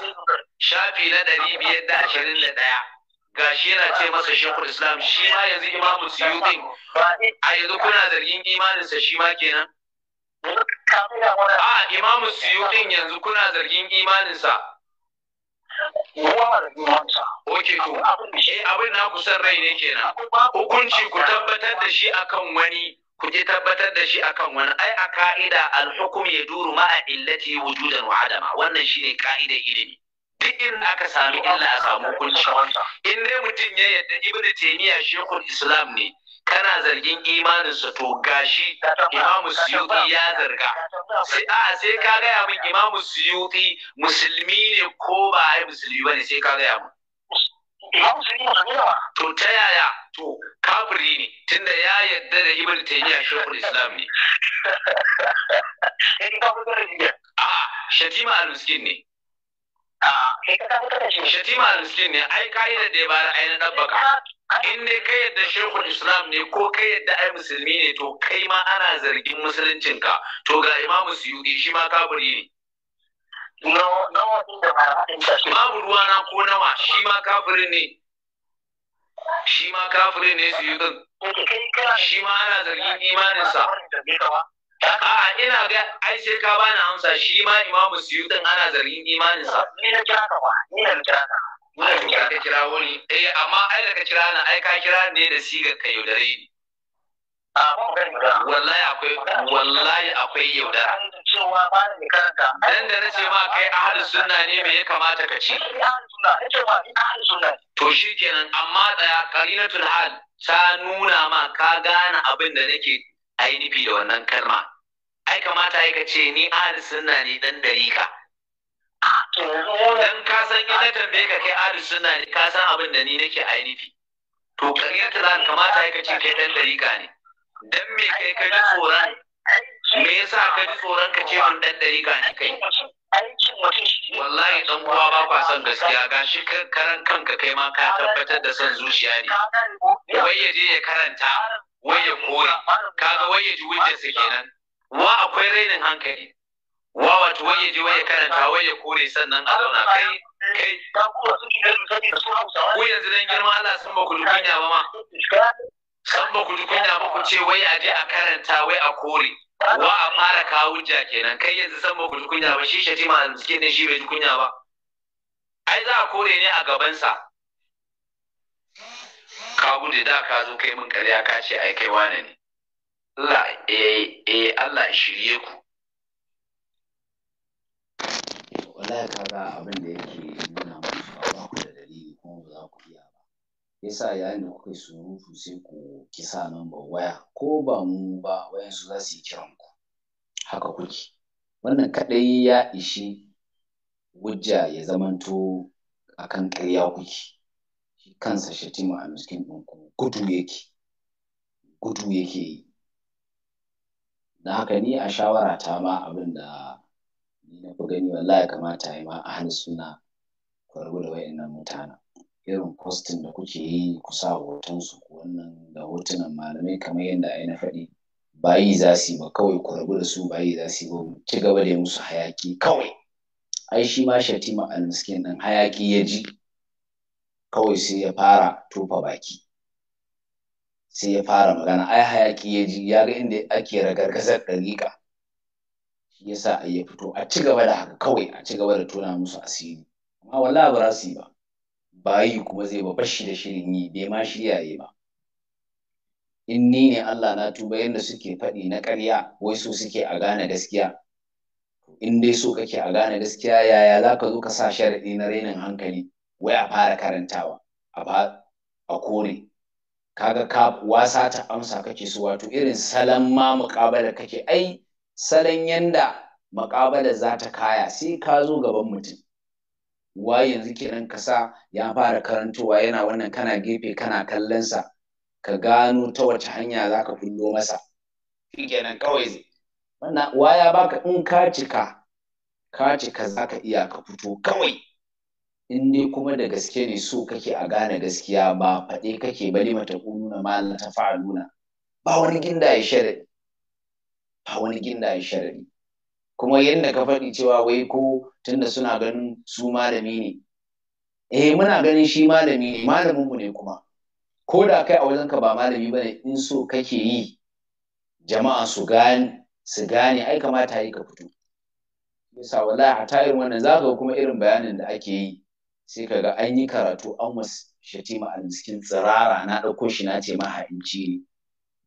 shafi na ɗari biyar da ashirin da ɗaya gashi yana ce masa shekul islam shi ma yanzu imamu suyukin a yanzu kuna zargin imaninsa shi ma kenan a imamu suyukin yanzu kuna zargin imaninsa Oke to, shi eh, abin na kusan rai ne kenan. Hukunci ku tabbatar da shi akan wani ku je tabbatar da shi akan wani ai a ka'ida al-hukum ya duru a illati wujudan wa adama wannan shine ka'idar ilimi duk in aka sami illa a samu hukunci in dai mutum ya yadda ibnu taymiya shekul islam ne kana zargin imaninsa to gashi imamu suyuti ya zarga a sai ka gaya min imamu suyuti musulmi ne ko ba ai musulmi ba ne sai ka gaya min to ta yaya to kafiri ne tunda ya yadda da ibn taymiya shekul islam ne a shatima al-miskin ah, ne shatima al-miskin ne ai yi da dai bada ai na dabbaka in ne kai yadda shehu islam ne ko kai yadda ai musulmi ne to kai ma ana zargin musuluncinka to ga imamu suyuɗi shi ma kafiri ne babu ruwa na ko nawa shi ma kafirin ne shi ma kafirin ne suyuɗin shi ma ana zargin imaninsa A'a ina ga ai sai ka bani amsa shi ma imamu suyuɗin ana zargin imaninsa ni na kira ka ba ni na kira ka Ai da ka kira wuri, eh amma ai da ka kira nan ai ka kira ne da sigar ka yaudare ni. Wallahi akwai wallahi akwai yaudara. Dan da nace ma kai ahli sunna ne me ya kamata ka ci? To shi kenan amma tsaya qarinatul hal ta nuna ma ka gane abin da nake ainihi da wannan kalma. Ai kamata ai ka ce ni ahli sunna ne dan ka. in ka san ina tambaye ka kai ahli suna ne ka san abin da ni nake ainihi to ƙaryar ta zan kamata ya kace kai dan dariƙa ne dan me kai ka ji tsoron me yasa ka ji tsoron ka ce mun dan dariƙa ne kai wallahi dan uwa ba kwa son gaskiya gashi karan kanka kai ma ka tabbatar da son zuciya ne wai ya je ya karanta wai ya kore kaga wai ya ji wujjarsa kenan wa akwai rainin hankali Wawatu, wai waye je waye karanta ya kore sannan a zauna kai kai ku yanzu dan girma Allah san ba ku dukunya ba ma san ba ku dukunya ba ku ce wai a je a karanta wai a kore wa a fara kawo hujja kenan kai yanzu san ba ku dukunya ba shi shatima ma suke ne shi bai dukunya ba ai za a kore ne a gabansa ka gude da ka zo kai min karya ka ce ai kai wane ne Allah eh eh Allah shirye ku wallahi kaga abin da yake nuna musu ba ku da dalili kuma ba za ku iya ba yasa yayin da kuka yi surutu sai ku kisa ba waya ko ba mu ba wayansu za su yi kiran ku haka kuke wannan kadai ya ishi hujja ya zamanto akan ƙarya kuke shi kansa shatima a miskin ɗinku gudu yake gudu yake yi da haka ni a shawara ta ma abin da na ku gani wallahi ya kamata ya ma a hannu suna faru da nan mutana irin postin da kuke yi ku sa hoton su wannan da hotunan malamai kamar yadda ai na faɗi bayi za su yi ba kawai ku rabu da su bayi za su yi ba ci gaba da musu hayaki kawai ai shi ma shatima almiskin ɗin hayaki ya ji kawai sai ya fara tofa baki sai ya fara magana ai hayaki ya ji ya ga inda ake ragargazar ɗariƙa yasa a ya fito a ci gaba da haka kawai a ci gaba da tona musu asiri amma wallahi ba za su yi ba ba yi kuma zai ba bashi da shirin yi bai ma shirya yi ba in ni ne Allah na tuba yadda suke faɗi na ƙarya wai su suke a gane gaskiya in dai so kake a gane gaskiya yaya za ka zo ka sa sharaɗi na rainin hankali wai a fara karantawa a kore kaga ka wasa ta amsa kake su? wato irin salon ma muƙabala kake ai salon yanda makabala za ta kaya sai ka zo gaban mutum wa yanzu kenan ka sa ya fara karantowa yana wannan kana gefe kana kallonsa ka gano ta wace hanya za ka kullo masa shi kenan kawai wannan wa ya baka in ka cika ka cika za ka iya ka fito kawai in dai kuma da gaske ne so kake a gane gaskiya ba faɗe kake bari mata kununa ma ta nuna. ba wani ginda ya shari'a ba wani ginda ya sharari kuma yadda ka faɗi cewa wai ko tunda suna ganin su malami ne eh muna ganin shi malami ne malamin mu ne kuma ko da kai a wajen ka ba malami bane in so kake yi jama'a su gane su gane ai kamata yi ka fito bisa wallahi a tayin wannan zaka kuma irin bayanin da ake yi sai kaga an yi karatu an wasu shatima a cikin tsirara na ɗauko shi na ce maha'inci ne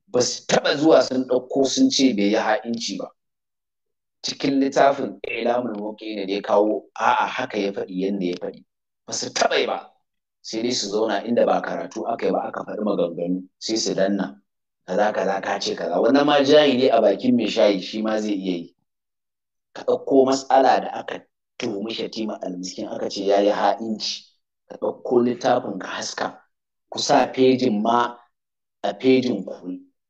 ba su taɓa zuwa sun ɗauko sun ce bai yi ha'inci ba cikin littafin ilamul ne da ya kawo a'a haka ya faɗi yadda ya faɗi ba su taɓa ba sai dai su zauna inda ba karatu aka yi ba aka faɗi maganganu sai su danna kaza kaza ka ce kaza wannan ma jahili a bakin mai shayi shi ma zai iya yi ka ɗauko matsala da aka tuhumi shatima almiskin aka ce ya yi ha'inci ka ɗauko littafin ka haska ku sa fejin ma a fejin ku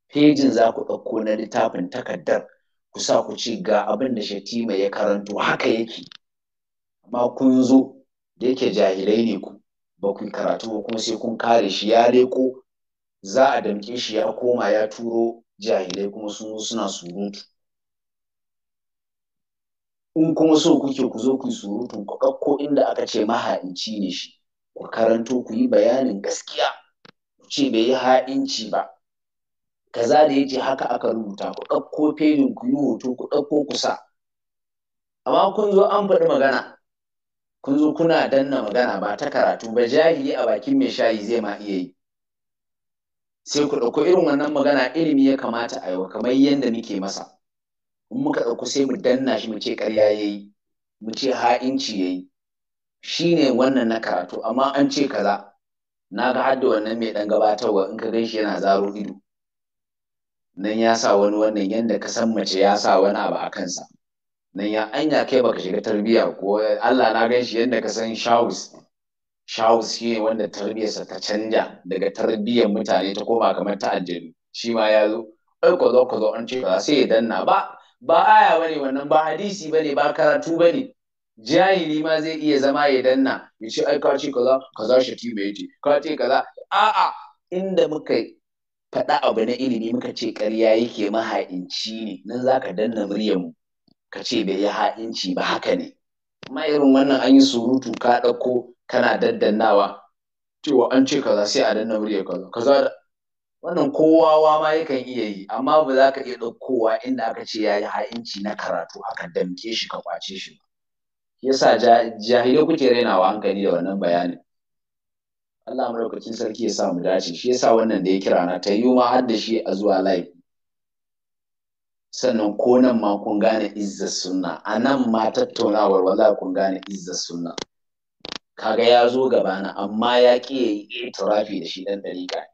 Fejin za ku ɗauko na littafin takardar ku sa ku ci ga abin da shatima ya karanto haka yake amma kun zo da yake jahilai ne ku ba ku karatu kuma sai kun kare shi ya leko za a damke shi ya koma ya turo jahilai kuma sun zo suna surutu in kuma so kuke ku zo ku yi surutun ku ɗauko inda aka ce maha'inci ne shi ku karanto ku yi bayanin gaskiya ku ce bai yi ha'inci ba kaza da yake haka aka rubuta ku ɗauko fenin ku yi hoto ku ɗauko kusa amma kun zo an faɗi magana kun zo kuna danna magana ba ta karatu ba jahili a bakin mai shayi zai ma iya yi sai ku ɗauko irin wannan magana ilimi ya kamata a yau kamar yadda muke masa in muka ɗauko sai mu danna shi mu ce ƙarya ya yi mu ce ha'inci ya yi shi ne wannan na karatu amma an ce kaza na ga hadda wannan mai ɗan gabatarwa in ka gan shi yana zaro ido nan ya sa wani wannan yanda ka san mace ya sa wani abu a kansa nan ya anya kai baka shiga tarbiyya ko Allah na gan shi yanda ka san shawus shawus shi ne wanda tarbiyyarsa ta canja daga tarbiyyar mutane ta koma kamar ta aljanu shi ma ya zo ai ko zo ko zo an ce ba sai ya danna ba ba aya bane wannan ba hadisi bane ba karatu bane jahili ma zai iya zama ya danna ya ce ai ka ce kaza kaza ti bai ce ka ce kaza a'a inda muka faɗa abu na ilimi muka ce ƙarya yake maha'inci ne nan za ka danna muryarmu ka ce bai yi ha'inci ba haka ne amma irin wannan an yi surutu ka ɗauko kana daddannawa cewa an ce kaza sai a danna muryar kaza kaza wannan kowawa ma yakan iya yi amma ba za ka iya ɗaukowa inda aka ce ya yi ha'inci na karatu aka damke shi ka kwace shi ba. yasa jahilai kuke rainawa hankali da wannan bayanin Allah madaukakin sarki ya sa mu dace shi yasa wannan da ya kira na ta yi ma har da shi a zuwa live sannan ko nan ma kun gane izzar sunna a nan ma tattaunawar wallahi kun gane izzar sunna kaga ya zo gabana amma ya ƙi ya yi itirafi da shi ɗan ɗariƙa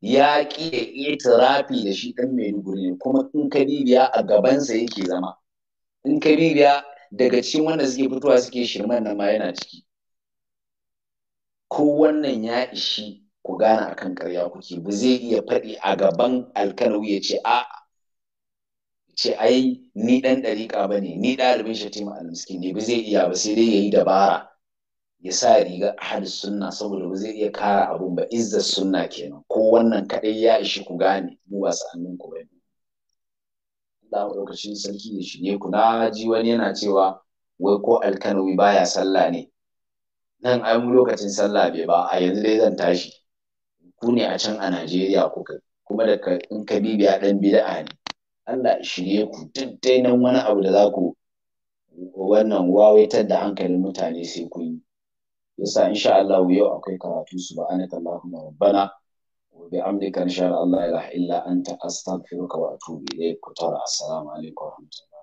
ya ƙi ya yi itirafi da shi ɗan maiduguri ne kuma in ka bibiya a gabansa yake zama in ka bibiya daga cikin wanda suke fitowa suke shirman nan ma yana ciki ko wannan ya ishi ku gane akan karya kuke ba zai iya faɗi a gaban alkanawi ya ce a ce ai ni dan ɗariƙa ba ne ni ɗalibin shatima al-miskin ne ba zai iya ba sai dai ya yi dabara ya sa riga ahalus sunna saboda ba zai iya kara abun ba izzar sunna kenan ko wannan kaɗai ya ishi ku gane mu ba sa'annin ku ba ne Allah lokacin sarki ya shige ku na ji wani yana cewa wai ko alkanawi baya sallah ne nan ai mu lokacin sallah bai ba a yanzu dai zan tashi ku ne a can a Najeriya kuka kuma da in ka bibiya dan bid'a ne Allah shirye ku duk dai nan wani abu da za ku wannan wawaitar da hankalin mutane sai ku yi yasa insha Allah yau akwai karatu subhanaka allahumma rabbana wa amrika insha Allah la ilaha illa anta astaghfiruka wa atubu ilayk wa tara assalamu alaikum wa rahmatullahi